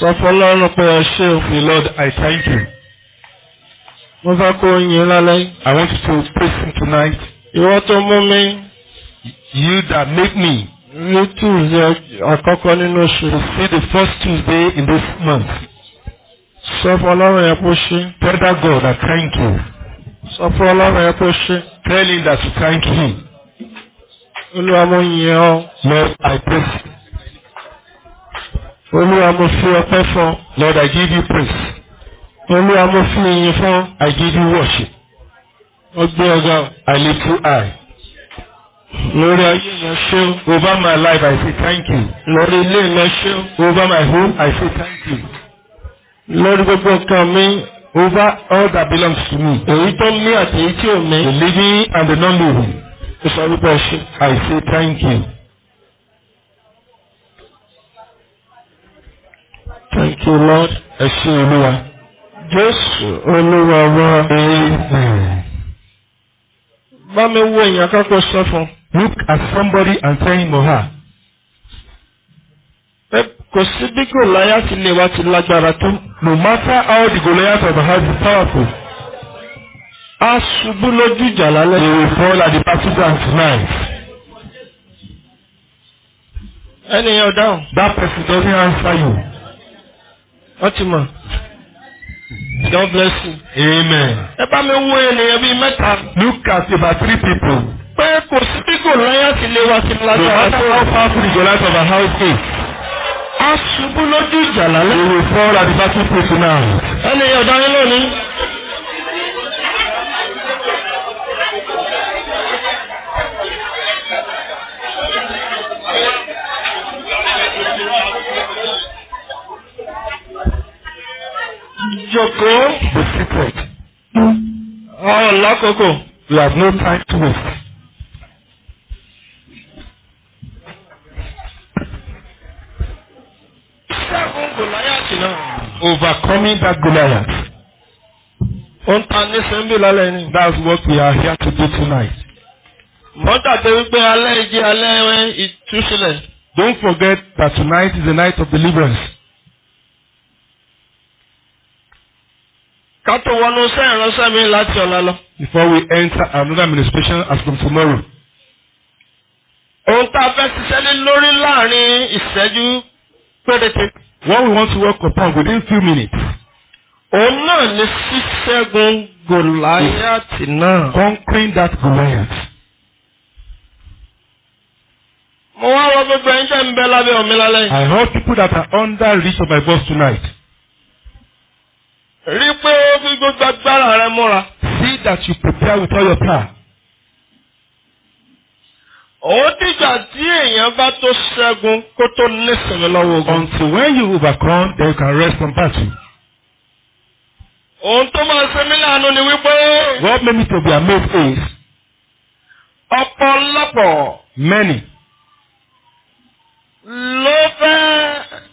sọ fọlọ́run pé ẹ ṣe òfin Lord I thank you. mo fẹ́ kó yín lálẹ́. I want you to praise him tonight. ìwọ tó mú mi. you that make me. ní Tuesday àkọ́kọ́ nínú oṣù. to see the first Tuesday in this month. sọ fọlọ́run yẹn kó ṣe. tell that God I thank you. sọ fọlọ́run yẹn kó ṣe. tell him that you thank him. olúwa mo yìn ọ́. Lord I praise you olúwa mo fi ọpẹ́ fún. lord i give you praise. olúwa mo fi ìyìn fún. i give you worship. ọgbẹ́ ọgá i lift you high. lórí ayé yẹn ṣé over my life i say thank you. lórí ilé yẹn ṣé over my home i say thank you. lórí gbogbo nǹkan mi over all that belongs to me. èyí tó ní àti èyí tí ò ní. the living and the non-living. ó sọ wípé ẹ ṣe. i say thank you. Thank you Lord. Ẹ ṣé Olúwa. Jésù Olúwa wá. Bá mi wo èèyàn kákó sọ fún. Look at somebody and say, him or her. Kò sí bí Gòláyàtì lè wá ti lágbára tó. No matter how the Goliath of the house is powerful. A ṣubú lójú ìjà lálẹ́. They will fall at the partisans tonight. Ẹnìyàn dáhùn. That person doesn't answer you wọ́n ti mọ̀. God bless you. Amen. Ẹ bá mi wo ènìyàn bíi mẹ́ta. Look at about three people. Pé kò sí bí Gòláyàtì lè wá sí Lágbára. No matter how far free Goliath of our house is. A ṣubú lójú ìjà lálẹ́. We will fall at the battle place now. Ẹnìyàn ọ̀daràn lónìí. jókòó. Be seated. Hmm. Ọ̀ lákòókò. You have no time to waste. Ṣẹ́gun Gòláyàtì náà. Overcoming that Goliath. Ó ń ta ní Sẹ́ńbì lálẹ́ ni. That's what we are here to do tonight. Mọ́tàdé wípé alẹ́ ìjẹ́ alẹ́ ìtúsílẹ̀. Don't forget that tonight is the night of deliverance. ká tó wọnú sẹ́ ìránṣẹ́ mi láti ọ̀la lọ. before we enter another administration as from tomorrow. ohun tá a fẹ́ ṣiṣẹ́ lé lórí láàrin ìṣẹ́jú péréte. what we want to work upon within few minutes. òun náà ni ṣíṣẹ́gun Gòláyàtì náà. conquering that Goliath. Mo wá wọ gbogbo ẹ̀yin tẹ́ ń bẹ lábẹ́ ọ̀mí lálẹ́. I hope people that are under reach of my boss tonight rí pé ó fi gbogbo agbára rẹ múra. see that you prepare with all your power. ó dìgbà tí èèyàn bá tó ṣẹ́gun kó tó nísìnyí lọ́wọ́ ogun. until when you overcome then you can rest on battery. ohun tó máa ṣe mí láàánú ni wípé. what made me to be amazed is. ọ̀pọ̀lọpọ̀. many. ló fẹ́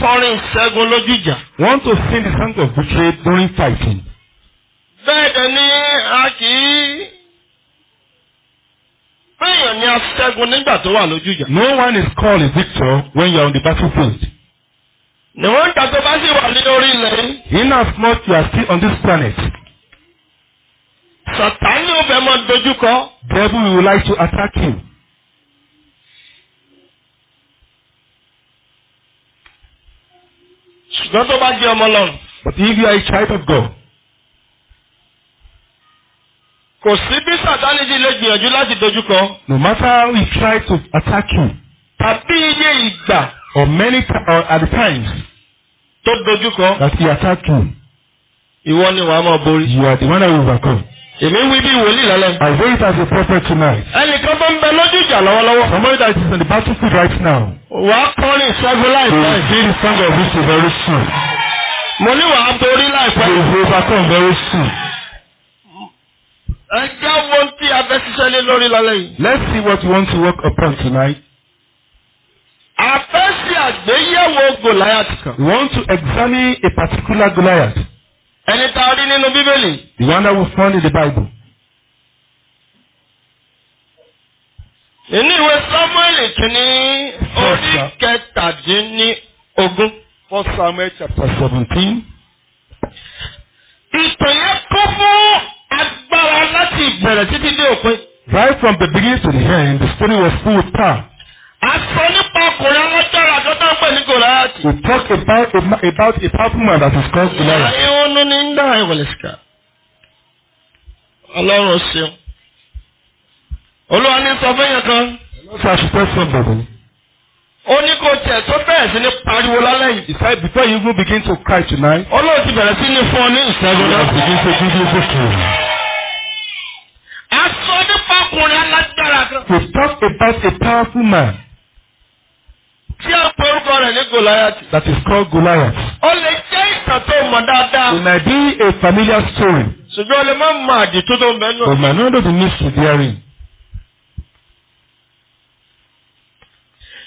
kọrin ìṣẹ́gun lójú ìjà. want to sing the song of victory during fighting. bẹ́ẹ̀ dẹ̀ ni a kì í bẹ́ẹ̀yàn ni a ṣẹ́gun nígbà tó wà lójú ìjà. no one is called a victor when you are on the battlefield. níwọ̀n ìgbà tó bá sì wà ní orí ilẹ̀ yìí. in as much you are still on this planet. Sàtánì ò fẹ́ mọ dojúkọ. devil will like to attack you. ṣùgbọ́n tó bá jẹ́ ọmọ Ọlọ́run. But if you are a child of God. Kò sí bí Sàtánì ti lè gbìyànjú láti dojúkọ. No matter how he tries to attack you. Tàbí iye ìgbà. Or many or at times. Tó dojúkọ. That he attack you. Ìwọ ni wàá máa borí. You are the one that will overcome. Èmi wí bí wòlíì lálẹ́. I say as a prophet tonight. Ẹnìkan tó ń bẹ lójú ìjà lọ́wọ́lọ́wọ́. Somebody that is on the battlefield right now. Wà á kọrin ìṣẹ́gun láìpẹ́. You will see the song of victory very soon. Mo ní wà á borí láìpẹ́. You will overcome very soon. Ẹ já wọn tí a fẹ́ ṣiṣẹ́ lé lórí lálẹ́ yìí. Let's see what you want to work upon tonight. A fẹ́ ṣe àgbéyẹ̀wò Goliath kan. We want to examine a particular Goliath ẹni tá a rí nínú bíbélì. the one that was found in the bible. inú ìwé samuel kìíní orí kẹtàdínní ogún. first samuel chapter seventeen. ìtàn yẹn kún fún agbára láti ìbẹ̀rẹ̀ títí dé òpin. right from the beginning to the end the story was full of power. a sọ nípa ọkùnrin ọlọ́jọ́ tó ń pè ní we talk about a, about a powerful man that is called Goliath nínú ní ń dá ìwọlẹ̀ ọlọ́run ṣeun olúwa ní sọ fẹ́yìn kan. ṣàṣìṣẹ́ sọ bàbá. ó ní kò tiẹ̀ tó bẹ̀rẹ̀ sí ní pariwo lálẹ́ yìí. decide before you even begin to cry tonight. olóò bẹ̀rẹ̀ sí ní fún ọ ní ìṣẹ́gun náà. you begin to give you good care. a sọ nípa ọkùnrin alágbára kan. we talk about a powerful man tí a pè rẹ̀ ní Goliath. that is called Goliath. ó lè jẹ́ ìtàn tó mọ̀ dáadáa. it might be a familiar story. ṣùgbọ́n o lè má mọ àdì tó tó mẹ́nu. but my number be missed with hearing.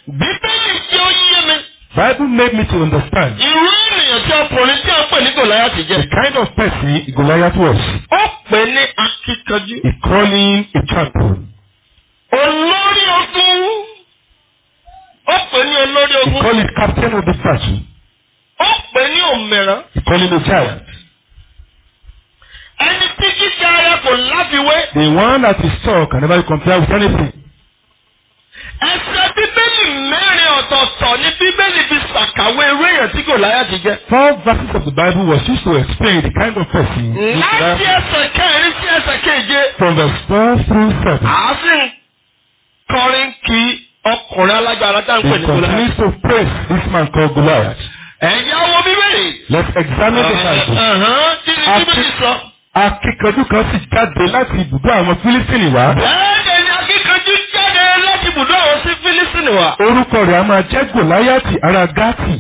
bíbélì tí ó yé mi. Bible made me to understand. irú ènìyàn tí ọkùnrin tí a pè ní Goliath jẹ́. the kind of person Goliath was. ó pè ní akíkanjú. he called him a champion. olórí ogun ó pè ní olórí ogun. he call him captain of the church. ó pè ní òmìrán. he call him a child. ẹni tí jíjẹ ara kò láfiwé. the one that is saw can never be compared with anything. ẹsẹ̀ bíbélì mẹ́rin ọ̀tọ̀ọ̀tọ̀ ni bíbélì fi ṣàkàwé eré èèyàn tí kò láyà ti four verses of the bible was used to explain the kind of person. láti ẹsẹ̀ kẹrin sí ẹsẹ̀ keje. from verse four through seven. àá sì ń ọkùnrin alágbára tá à pè ní Goliath. he continues to praise this man called Goliath. ẹ̀yà wo bíbélì. let's examine the Bible. kí ni bíbélì sọ. akíkanjú kan sì jáde láti ibùdó àwọn Fílísìnì wá. bẹ́ẹ̀ ni akíkanjú jáde láti ibùdó àwọn Fílísìnì wá. orúkọ rẹ̀ a máa jẹ́ Goliath ará Gátì.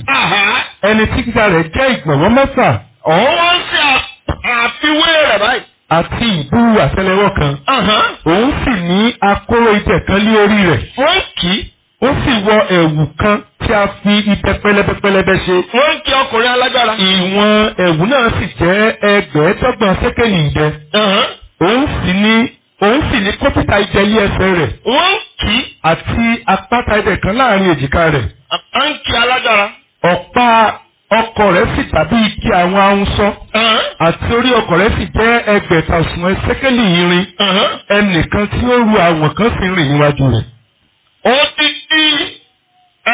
ẹni tí gíga rẹ̀ jẹ́ ìgbọ̀nwọ́ mẹ́fà. òun wá ń ṣe àfiwé rẹ̀ báyìí àti ìbú àtẹ́lẹwọ́ kan. òun sì ní akóró idẹ lé orí rẹ̀. fúnkì ó sì wọ ẹ̀wù kan tí a fi ibẹ pẹlẹbẹ pẹlẹbẹ ṣe. wọ́n ń kí ọkùnrin alágbára. ìwọ̀n ẹ̀wù náà sì jẹ́ ẹgbẹ̀ẹ́dọ́gbọ̀n ṣékèlì ìdẹ. òun sì ní òun sì ní kópítà ìjẹ ilé ẹsẹ̀ rẹ̀. wọ́n ń kí. àti apáta ẹ̀dẹ̀ kan láàrin èjìká rẹ̀. à ń kí alágbára. ọ̀pá ọkọ̀ rẹ̀ sì dàbí ike àwọn ahunsọ. àti orí ọkọ̀ rẹ̀ sì jẹ́ ẹgbẹ̀ta òṣùwọ̀n ṣékèlì irin. ẹnìkan tí ó ru àwọn kan sì rìn níwájú rẹ̀ ó ní ní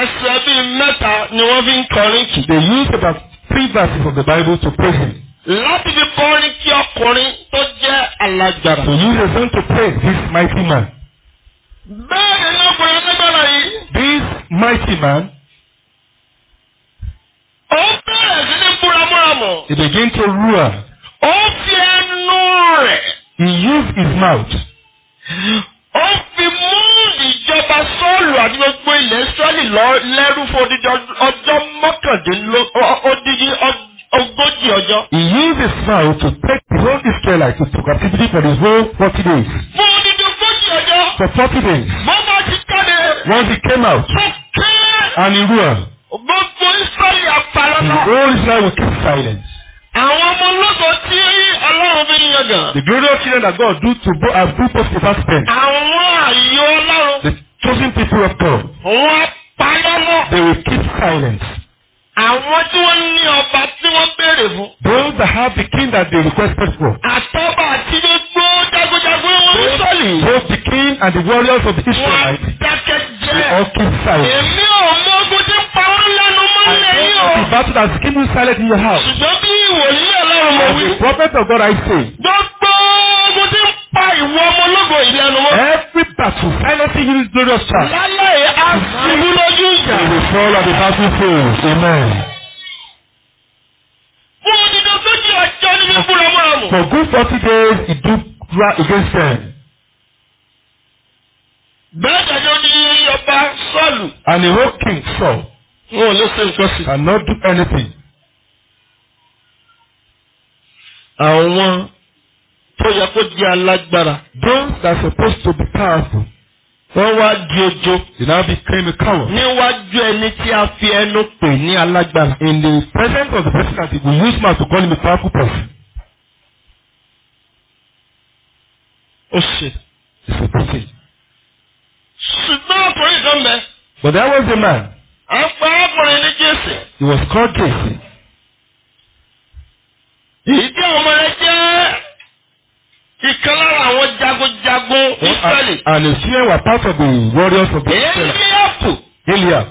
ẹsẹ̀ bíi mẹ́ta ni wọ́n fi ń kọrin They use about three verses of the Bible to pray him. Láti fi kọrin kí ọkùnrin tó jẹ́ alágbára. To use a song to praise this mighty man. Bẹ́ẹ̀ni lọ́kùnrin alágbára yìí. This mighty man. Ó bẹ̀rẹ̀ sí ní búramúramù. He began to rule. Ó fi ẹnu rẹ̀. He used his mouth. Ó fi mú jọba sọ́ọ̀lù àti gbogbo ilẹ̀ Ísírẹ́lì lẹ́rú fún odidi ọjọ́ mọ́kàndínlógójì ogójì ọjọ́. He used his mouth to take the whole Israelite to captivity for the whole forty days. Fún odidi ogójì ọjọ́. For forty days. Bọ́lá ti jáde. Once he came out. Mo ké. And he ruled. Gbogbo Ísírẹ́lì àpàlọ́lá. The whole Israel will keep silence. Àwọn ọmọ ológo tí ó yí proving yọ̀dọ̀. The glorious children that God do to both uh, as do both to pass Àwọn àyò Ọlọ́run. The chosen people of God. Wọ́n payọ́mọ́. They will keep silence. Àwọn tí wọ́n ní ọba tí wọ́n béèrè fún. Those that have the king that they requested for. Àtọ́ba àti gbogbo jagunjagun wọn sọ̀lì. Both the king and the warriors of the Israelites. Wọ́n dákẹ́ jẹ́. They all keep silent. Èmi ò mọ ogun tí ń pa wọ́n lẹ́nu mọ́lẹ̀ yìí o. The battle that's keeping silent in your house. Ṣùgbọ́n bí ìwòye mo wí. as prophet of God I say. gbogbo ogun tí ń pa ìwọ ọmọ ológo wọn. every battle anything you do just try. lálẹ́ àṣìwú lójú ìjà. the soul of the battle fails amen. fún odidi ogójì ọjọ́ nínú ìbúra máa mú. for good forty days he do right against them. bẹ́ẹ̀ dájọ́ ní ọba Sọ́ọ̀lù. and the whole king Saul. wọn ò lè ṣe nǹkan sí. cannot do anything. àwọn tó yẹ kó di alágbára those that are supposed to be powerful wọ́n wá di ojo. they now became a coward. níwájú ẹni tí a fi ẹnu pè ní alágbára. in the presence of the president we use mouth to call him a powerful person. ó ṣe. it's a person. ṣùgbọ́n ọkùnrin kan bẹ. but that was the man. ọ̀pọ̀ ọkùnrin ní Jésù. he was called Jésù èyí tí àwọn ọmọ rẹ jẹ́ ìkan lára àwọn jagunjagun Israẹli. and the fear were part of the warriors of Israel. Eliab. Eliab.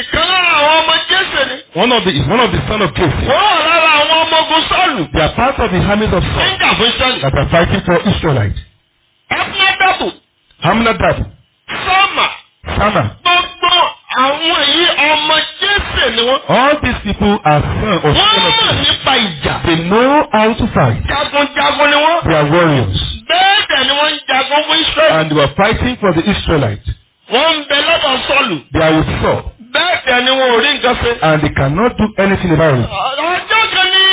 ìkan lára àwọn ọmọ Jésè ni. one of the one of the son of Joseph. wọ́n wà lára àwọn ọmọ ogun Sọ́ọ̀lù. they are part of the armies of Saul. nígbà fún Israẹli. that are fighting for Israelites. Abinadabu. Abinadabu. Sama. Sama. gbogbo àwọn yìí ọmọ Christian ni wọ́n. All these people are sons of children. Wọ́n mọ̀ nípa ìjà. They know how to fight. Jagunjagun ni wọ́n. They are warriors. Bẹ́ẹ̀ dẹ̀ ni wọ́n ń jagun fún Israel. And they were fighting for the Israelites. Wọ́n bẹ lọ́dọ̀ Sọ́ọ̀lù. They are with Saul. Bẹ́ẹ̀ dẹ̀ ni wọn ò rí nǹkan ṣe. And they cannot do anything about it. Ọjọ́ kan ní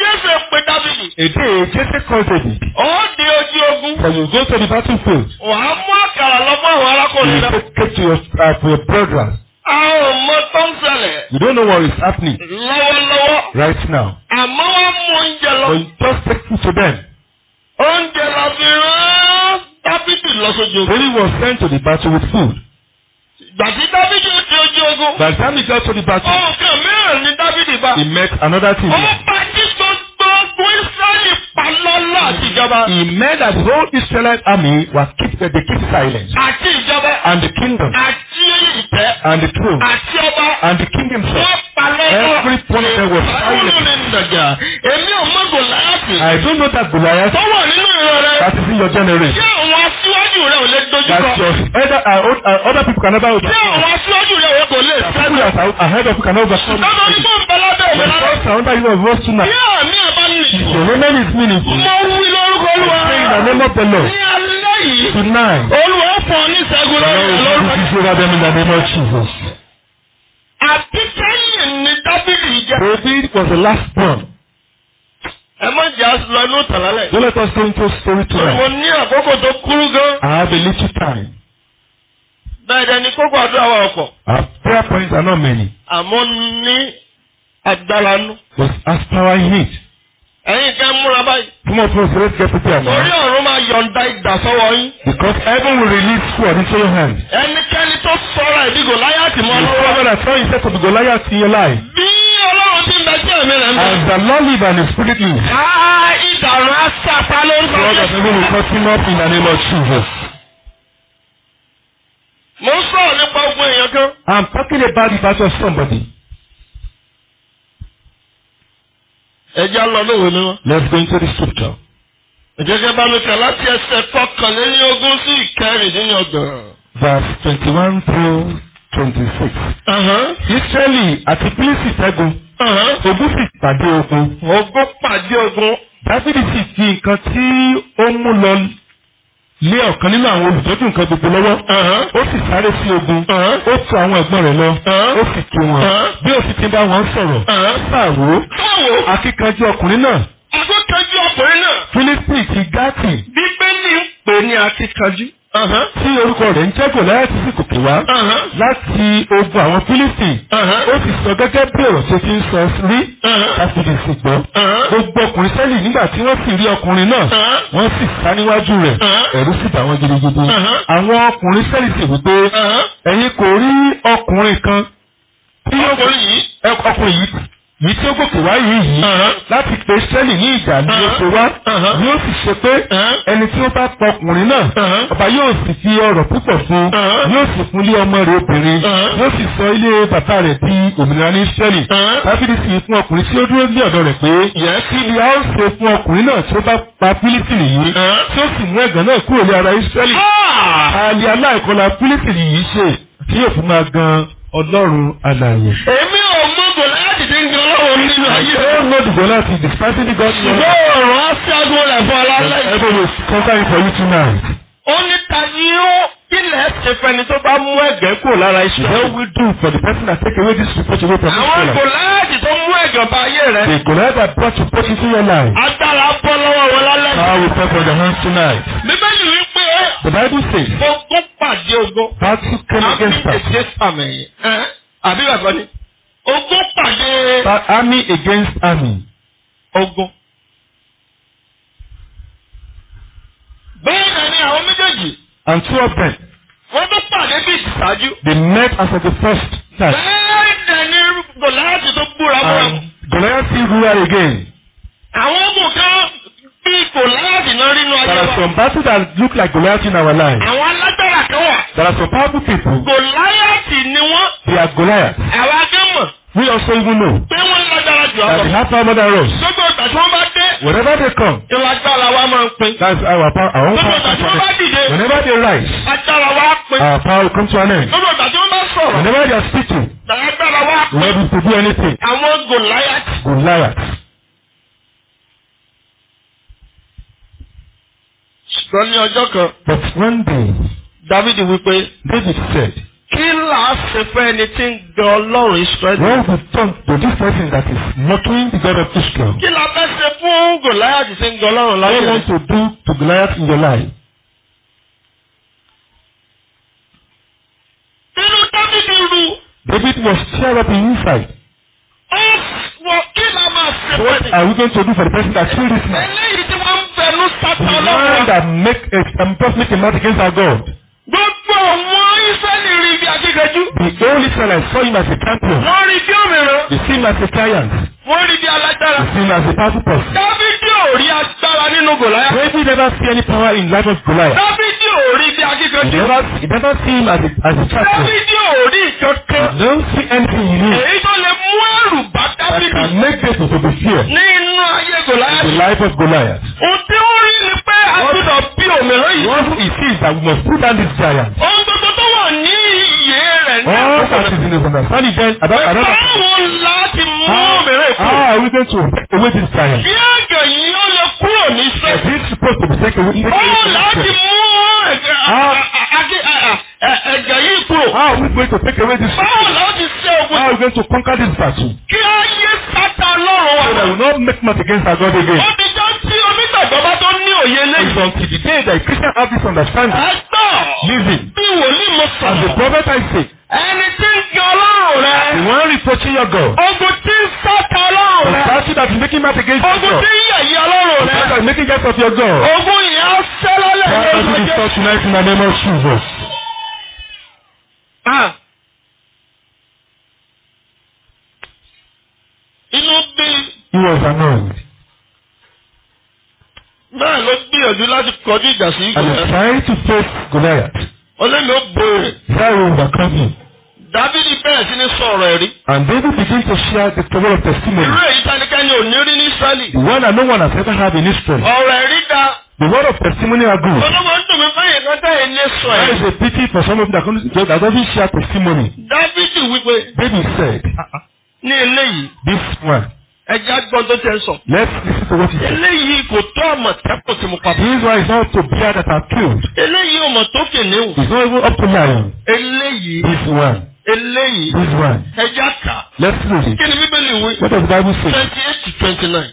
Jésù pè Dábìlì. Èdè Jésù kan David. Ó di ojú ogun. For you go to the battlefield. Wàá mú àkàrà lọ àwọn arákùnrin náà. You take care your, uh, to don't know what is happening. lọ́wọ́lọ́wọ́. right now. àmọ́ wọ́n mú oúnjẹ lọ. but you just take food to them. oúnjẹ la fi rán Dáfídì lọ sójú ogun. when he was sent to the battle with food. gbàtí Dáfídì di ojú ogun. by the time he got to the battle. ọ̀kan mìíràn ni Dáfídì bá. he met another team. ó bá jí gbogbo Ísírẹ́lì palọ́lọ́ àti ìjọba. he met that the whole Israelite army was keep they keep silent. àti ìjọba. and the kingdom. àti ìtẹ́. and the throne. àti And the king himself. Every point there was silent. Èmi ò mọ Gòláyàtì. I don't know that Goliath. Tó wà nínú ìran rẹ. That is in your generation. Ṣé àwọn aṣíwájú rẹ ò lè dojú kọ? That's your other uh, uh, other people can never overcome. Ṣé àwọn aṣíwájú rẹ ò lè sẹ́nu? People that are ahead of you can never overcome. Ṣé àwọn onígbọ̀n bẹ lábẹ́ òwe lára? Ṣé àwọn onígbọ̀n bẹ lábẹ́ òwe lára? Ṣé àmì àbálẹ̀? Ìṣòro mẹ́rin is meaningful. Mo wí lórúkọ Olúwa. Tonight. Olúwa fún ọ ní ìṣẹ́gun lọ́wọ́. Lọ́wọ́ àbíkẹ́yìn David was the last one. Ẹ má jẹ́ àṣìlọ inú tàlálẹ̀. Don't let us go into story time. Mo ní àkókò tó kúrú gan. I have a little time. Bẹ́ẹ̀ni ni kókó àdúrà wa ọ̀pọ̀. Our prayer points are not many. Àmọ́ ní agbára nú. Was as power hit ẹ̀yin kẹ́ múra báyìí. Some of us raise capital now. Orí ọ̀run máa yọ̀ǹda idà sọ́wọ́ yín. Because heaven will release sword into your hand. Ẹnikẹ́ni tó sọ̀rọ̀ ìdí Gòláyàtì mọ́ lọ́wọ́. The father that saw himself to be Goliath in your life. Bí Ọlọ́run ti ń dájú ẹ̀mí rẹ̀ mọ́. As the Lord live and his spirit live. Káà idà rán aṣápa lórúkọ Jésù. God of heaven will continue up in the name of Mo ń nípa ogun èèyàn kan. I'm talking about the battle of somebody. ẹja lọ lówe mímọ́. let's go into the scripture. ìjẹ́jẹ́ bá mi kà láti ẹsẹ̀ kọkànlélógún sí ìkẹrìndínlọ́gbọ̀n. verse twenty one through twenty six. Ísírẹ́lì àti Pílísì ṣẹ́gun. Ogun sì pàdé ogun. Ogun pàdé ogun. Dáfídì sì fi nǹkan tí ó mú lọ lé ọ̀kan nínú àwọn olùtọ́jú nǹkan gbogbo lọ́wọ́. ó sì sáré sí ogun. ó tu àwọn ẹ̀gbọ́n rẹ̀ lọ. ó sì tu wọn. bí òfin ti bá wọn sọ̀rọ̀. sáà rò ó akíkanjú ọkùnrin náà. akíkanjú ọkùnrin náà. Fílípì ti Gátì. bíbélì ń pè ní akíkanjú. tí orúkọ rẹ̀ ń jẹ́ Gòláyátì sì gòkè wá. láti ogun àwọn Fílípì. ó sì sọ gẹ́gẹ́ bí ọ̀rọ̀ tó ti ń sọ rí. káfíńdì sì gbọ́. gbogbo ọkùnrin sẹ́lì nígbà tí wọ́n sì rí ọkùnrin náà. wọ́n sì sá níwájú rẹ̀. ẹ̀rù sì bà wọ́n gidigidi. àwọn ọkùnrin sẹ́lì sì wípé ẹ̀yin kò rí ọkùnrin kan. ọkùnrin yìí yìí tí ó gòkè wá yìí yìí láti pè sẹ́lì ní ìjà ni ó ṣe wá ni ó sì ṣe pé ẹni tí ó bá pa ọkùnrin náà ọba yóò sì fi ọrọ̀ púpọ̀ fún yóò sì fún ilé ọmọ rẹ̀ obìnrin yóò sì sọ ilé bàbá rẹ̀ di òmìnira ní sẹ́lì tábìlì sì fún ọkùnrin tí ó dúró ní ọ̀dọ̀ rẹ̀ pé kí ni a ó ṣe fún ọkùnrin náà tí ó bá pa Fílísìnì yìí tí ó sì mú ẹ̀gàn náà kúrò ní ara Ísírẹ́lì ah! àlè aláìkọlà Fílísìnì yìí ṣe tí yóò fún don't know the Goliath is person the God. ṣùgbọ́n ọ̀rọ̀ á ṣẹ́gun rẹ̀ fún alálẹ́ yìí. everybody is for you tonight. ó ní ta ni ó ilẹ̀ ṣe fẹni tó bá mú ẹ̀gẹ́ kò lára iṣu. what we do for the person that take away this report away from you. àwọn Goliath tó mú ẹ̀jọ̀ bá ayé rẹ̀. the Goliath that brought you put into your life. agbára bọ́ lọ́wọ́ I will pray for the hands tonight. bíbélì wí pé. the Bible says. ogun pàdé ogun. battle came against us. àbí bàbá ni. Ogun pàdé. Army against army. Ogun. Bẹ́ẹ̀ náà ni àwọn méjèèjì. And two of them. Wọ́n tún pàdé bí ìsáájú. They met as the first time. Bẹ́ẹ̀ náà ni Goliath tó búra búra. And Goliath still rural again. Àwọn ogun kan bí Goliath náà rí inú ayé wa. There are some battles that look like Goliath in our lives. Àwọn alágbára kan wà. There are some powerful people. Goliath ni wọ́n. They are Goliath. We also even know. Pé wọ́n lágbára jù àwọn. That they have power more than Gbogbo ìgbà tí wọ́n bá dé. Whenever they come. Ìlágbára wa máa ń pin. That's our power. Our power. Gbogbo ìgbà tí wọ́n bá dìde. Whenever they rise. Agbára wa pin. Our power will come to an end. Gbogbo ìgbà tí wọ́n bá sọ̀rọ̀. Whenever they are speaking. Ìlágbára wa pin. Ready to do anything. Àwọn Goliath. Goliath. Ṣùgbọ́n ní ọjọ́ kan. But one day. David wípé. David said. Kí ṣe fún ẹni tí ń gbẹ Ọlọ́run Israẹli? What we talk to this person that is mocking the God of Israel. Kí la fẹ́ ṣe fún Goliath tí ń gbẹ Ọlọ́run láyé? What want to do to Goliath in your life? Inú Dábìdì ru. David was tear up in inside. Ó wọ kí máa ṣe fún ẹni? What are we going to do for the person that killed this man? Eléyìí tí wọ́n ń bẹ̀rù sátán lọ́wọ́. The man that make a, um, make a mouth against our God. Gbogbo àwọn ìṣẹ́jú. The only time I saw him as a champion. Wọ́n rí bí òmìnira. You see as a giant. Wọ́n rí bí alágbára. You see as a powerful person. Dábìdì ò rí agbára nínú Gòláyà. David never see any power in life of Goliath. Dábìdì ò rí bí akíkanjú. You never you see him as a as a champion. Dábìdì ò rí ìjọkẹ́. You don't see anything in him. Èyí tó lè mú ẹrù bá Dábìdì. That can make people to be fear. Nínú ayé Gòláyà. The life of Goliath. Ohun tí ó rí ni pé a bí òmìnira yìí. What he sees that we must put down this giant. Ohun tó and all that is in his understanding then I don't I don't know. báwo láti mú mìíràn kú. how are we going to away this time. bí ẹ̀jẹ̀ yìí ó lè kúrò ní sẹ́. is it supposed to be taken away. báwo láti mú ẹ̀jẹ̀ ah. yìí kúrò. how ah, are we going to take away this. báwo láti ṣe ogun. how ah, are we going to conquer this battle. kí á yé sátá lọ́rùn wa. so that we make mouth against our God again. ó ti jẹ́ tí onígbàgbọ́ bá tó ní òye lẹ́yìn. it's until the day that Christians have this understanding. ẹ gbọ́. listen. bí As the prophet I say. anything tí ń jọ ọlọ́run rẹ. The one reproaching your God. Ogun tí ń sọ́ta ọlọ́run rẹ. The person that is making math against your God. Ogun tí ń yẹ̀yẹ́ ọlọ́run rẹ. The person that is making jest of your God. Ogun yẹn á sẹ́lọ́lẹ̀ ní ọjọ́. That is the thought tonight in the name of Jesus. Ah. Inú bí. He was annoyed. Bẹ́ẹ̀ ló gbìyànjú láti kọjú ìjà sí Goliath. And he tried to face Goliath olóyìn ó gbòòrè. Prayer will overcome you. Dávidi sí ní sọ̀rọ̀ ẹ̀rí. And David began to share the power of testimony. Irú èyí tánikẹ́ni ò ní rí ní Ísírẹ́lì. The one that no one has ever had in history. Ọ̀rọ̀ ẹ̀rí da. The word of testimony are good. Olúwo ń dùn mí fún lọ́jọ́ yìí ní sọ ẹ̀. That is a pity for some people that come to that don't share testimony. Dávidi wípé. David said. Ah, ah, ní eléyìí. This one ẹja gbọ́n tó sọ. let's listen to what he said. eléyìí kò tó àmọ̀tẹ́kùn tí mo pa. the israel is not to bear that are killed. eléyìí ò tó kè ní o. it's not even up to lion. eléyìí. this one. eléyìí. this one. ẹja kà. let's read it. kí bíbélì wí. what does the bible say. twenty eight to twenty nine.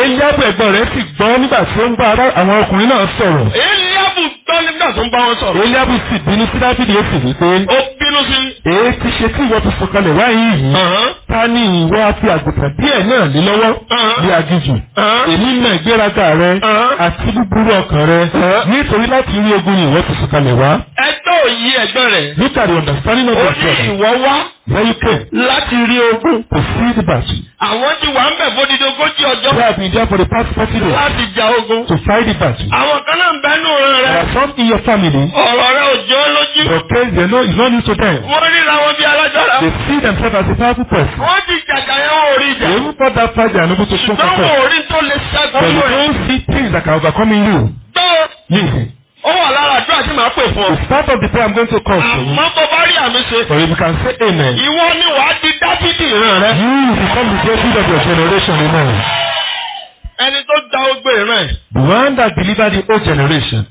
Eliabu ẹ̀gbọ́n rẹ̀ sì gbọ́ nígbà tí ó ń bá àwọn ọkùnrin náà sọ̀rọ̀. Eliabu tọ́lí nígbà tó ń bá wọn sọ̀rọ̀. Eliabu sì bínú sí Dáfídì ó sì wípé. Ó bínú sí. Èé ti ṣe tí ìwọ ti sọ̀kalẹ̀ wáyé yìí. Uh-huh. Ta ni ìwọ àti àgùntàn díẹ̀ náà lé lọ́wọ́ bí uh-huh. aginjù. Uh-huh. Èmi náà ìgbéraga rẹ àti búburú ọkàn rẹ nítorí láti rí ogun ni ìwọ ti sọ̀kalẹ̀ wá. Ẹgbẹ́ òye ẹgbẹ́ rẹ̀. Look at the understanding of the church. Ó ní ìwọ wá. Very clear. Láti rí ogun. To see the battle. Àwọn ti wà ń bẹ̀ fódìdí ogójì ọjọ́. They have been there for the past forty days. Láti jà ogun. To fight the battle. Àwọn kan náà ń bẹ́nu rẹ̀ trust in your family. ọ̀rọ̀ rẹ lójú. your case dey no is not news to them. wọ́n ríra wọn bí alágbára. they see themselves as a powerful person. wọ́n ti jàjà yẹn wọ́n ò ìjà. they even call that fight and open to show for them. ṣùgbọ́n wọn tó lè ṣẹ́gun lórí. but you don't see things that can overcome you. gbọ́. yìí. ó wà lára àdúrà tí màá pè fún ọ. the start of the prayer I'm going to call for you. àmọ́ bó bá rí àmì ṣe. but if you can say amen. ìwọ ni wàá di dávidi ìran rẹ. you become the David of your generation amen. ẹni tó da ogbe ìran the one that delivered the old generation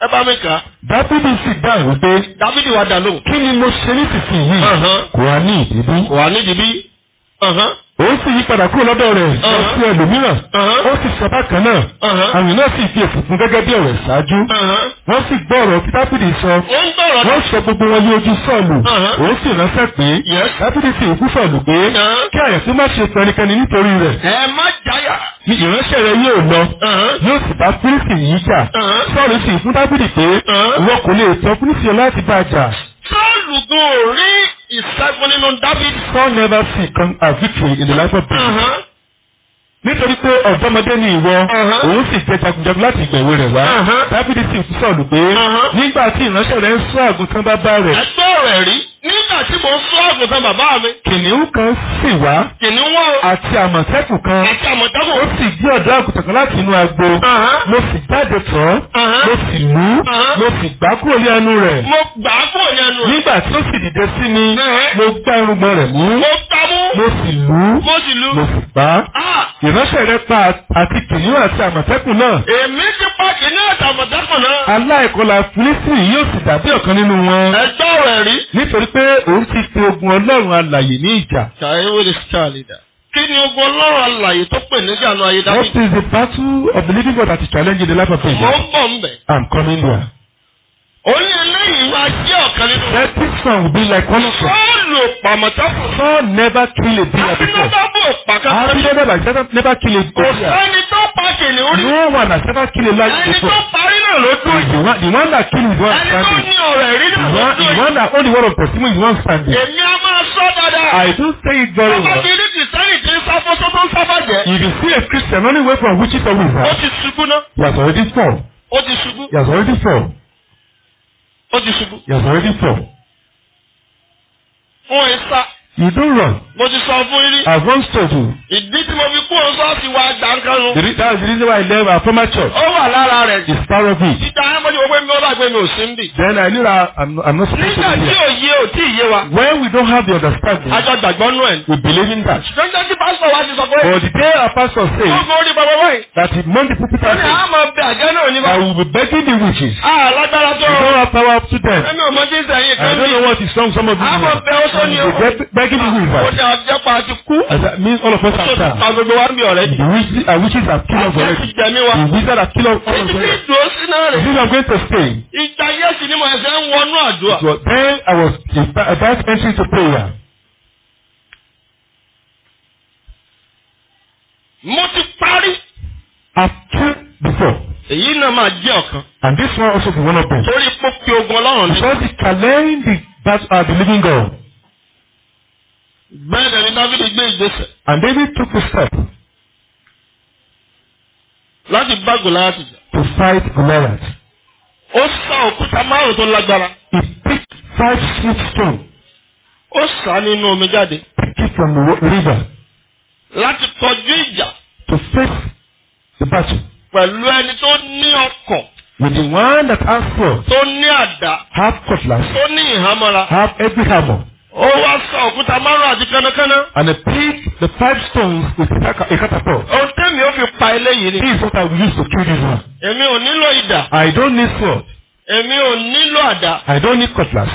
ẹ bá mi kà. dábìdì sì dá wípé. dábìdì wa dà lóhùn. kí ni mo ṣe nísinsìnyí. kò wá ní ìdíbí. kò wá ní ìdíbí ó sì yí padà kúrò lọ́dọ̀ rẹ̀ lọ sí ẹlòmíràn ó sì sọ bákan náà àrùn náà sì fi èfùkún gẹ́gẹ́ bí ọ̀rẹ́ ṣáájú wọ́n sì gbọ́ ọ̀rọ̀ tí dábìdì sọ wọ́n sọ gbogbo wọn ní ojú sọ̀lù ó sì ránṣẹ́ pé dábìdì sì kú sọ̀lù pé kí àyàfi má ṣe pẹ́ ẹnikẹ́ni nítorí rẹ̀. ẹ má jáyà. ìránṣẹ́ rẹ yóò lọ yóò sì bá fúrísì yìí jà sọ̀lù sì fún dábìdì pé wọn kò lè tọ́ fúrísì láti bá a jà. sọ́ọ̀lù gan-an rí ìṣẹ́gun on David. Saul never see come as victory in the life of David. Uh-huh. Nítorí pé ọ̀dọ́mọdé ni ìwọ, uh-huh. òun sì jẹ jagunjagun láti ìgbẹ̀wò rẹ̀ wá. Uh-huh. Dábìdì sì sọ̀rọ̀ pé nígbà tí ìránṣẹ́ rẹ̀ ń sọ àgùntàn bàbá rẹ̀. Ẹgbẹ́ rẹ̀ rí nígbà tí mo ń sọ́ọ̀gù san bàbá mi. kìnìún kan sì wá. kìnìún wá. àti àmọ̀tẹ́kùn kan. àti àmọ̀tẹ́kùn. ó sì gbé ọ̀dọ́ àgùntàn láti inú agbo. mo sì jáde tán. mo sì lù ú. mo sì gbà kúrò ní ẹnu rẹ̀. mo gbà kúrò ní ẹnu rẹ̀. nígbà tí ó sì dìde sí mi. mo gbá irùngbọ̀n rẹ̀ mú. mo gbá mú. mo sì lù mo sì lù mo sì gbá. ìránṣẹ́ rẹ pa àti kìnìún àti àmọ̀tẹ́kùn náà. èmi ti pa kìnìún àti àmọ̀tẹ́kùn náà. aláìkọlà fúlísì yóò sì pé òun ti fi ogun ọlọ́run alàyè ní ìjà. kí ni ogun ọlọ́run alàyè tó pè ní ìjà ayé dábìlì. what is the battle of the living God that is challenging the life of faith. mo ń bọ̀ ń bẹ̀. I'm coming there. Orí eléyìí máa jẹ́ ọ̀kan nínú. That person will be like one of them. Sọ́ọ̀lù pàmọ́tọ́bù. Saul never kill a deer before. Abinadabo pàkà. Abinadabo never, never kill a deer. Kò tó pa kèlè orí. No one has ever killed a lion before. Ẹni tó parí náà ló dún. The one the one that killed is one standing. Ẹni tó ní ọ̀rọ̀ ẹ̀rí náà ló dún. The one that only one of testimony is one standing. Èmi á máa sọ dáadáa. I do say it very well. Bàbá mi ní kìsẹ́nì ń sáfọ́ tó tó ń sáfà jẹ́. If you see a Christian only way from which it always He has already fall. Ó ti ṣubú. He has already fall ó ti ṣubú. you have already fall. wọ́n ẹ sá. you don't run mo ti sọ fún yín I have once you. ìdí tí mo fi kú òun sọ́ọ̀sì wa gbà ń the reason the reason why I left our former church. ó wà lára rẹ̀. is part of it. ìjà yẹn mo ti wọ́pẹ́ mi gbé mi ò sí ń then I knew that I'm, not supposed to be here. nígbà tí òye ò tí ì yé wa. when we don't have the understanding. a jọ gbàgbọ́ nù ẹ̀. we believe in that. ṣùgbọ́n tí pásítọ̀ wa ti sọ pé. but the day our pastor say. ó gbórí bàbá wáyé. that he mourn the people pastor. ó ní àmọ́ bẹ àjẹ́ náà ní bá. I will be begging the witches. ah lágbára tó. I don't know what is wrong some of these máa jẹ́ kú. means all of us are sad. pa gbogbo wa ń bí ọ̀rẹ́ di. the uh, witches are witches are kill us already. àti ẹ̀sìn jẹ̀mí wa. the wizards are kill us already. èyí ti dùn sí náà rẹ̀. this is i'm going to stay. ìgbà yẹn sì ni mo ẹsẹ̀ ń wọnú àdúrà. so then i was about entering to prayer. mo ti parí. i killed before. Èyí náà máa jẹ́ ọ̀kan. And this one also be one of them. Torí pópé ogun Ọlọ́run ni. Because it challenge the that are the living God. Bẹ́ẹ̀ dẹ̀ ni Dáfídì gbé ìgbésẹ̀. And David took a step. Láti bá Gòláyàtì jà. To fight Goliath. Ó sá òkúta márùn-ún tó lágbára. He picked five sweet stones. Ó sá nínú omi jáde. Picked from the river. Láti kọjú ìjà. To face the battle. Pẹ̀lú ẹni tó ní ọkọ̀. With the one that has sword. Tó ní àdá. Have cutlass. Tó ní ìhámọ́ra. Have every hammer. ó wá sọ òkúta márùn àti kánákáná. and he picked the five stones with a catapult. ohun tẹ́mi ó fi pa eléyìí ni. this is what I will use to kill this man. èmi ò nílò idà. I don't need sword. èmi ò nílò àdá. I don't need cutlass.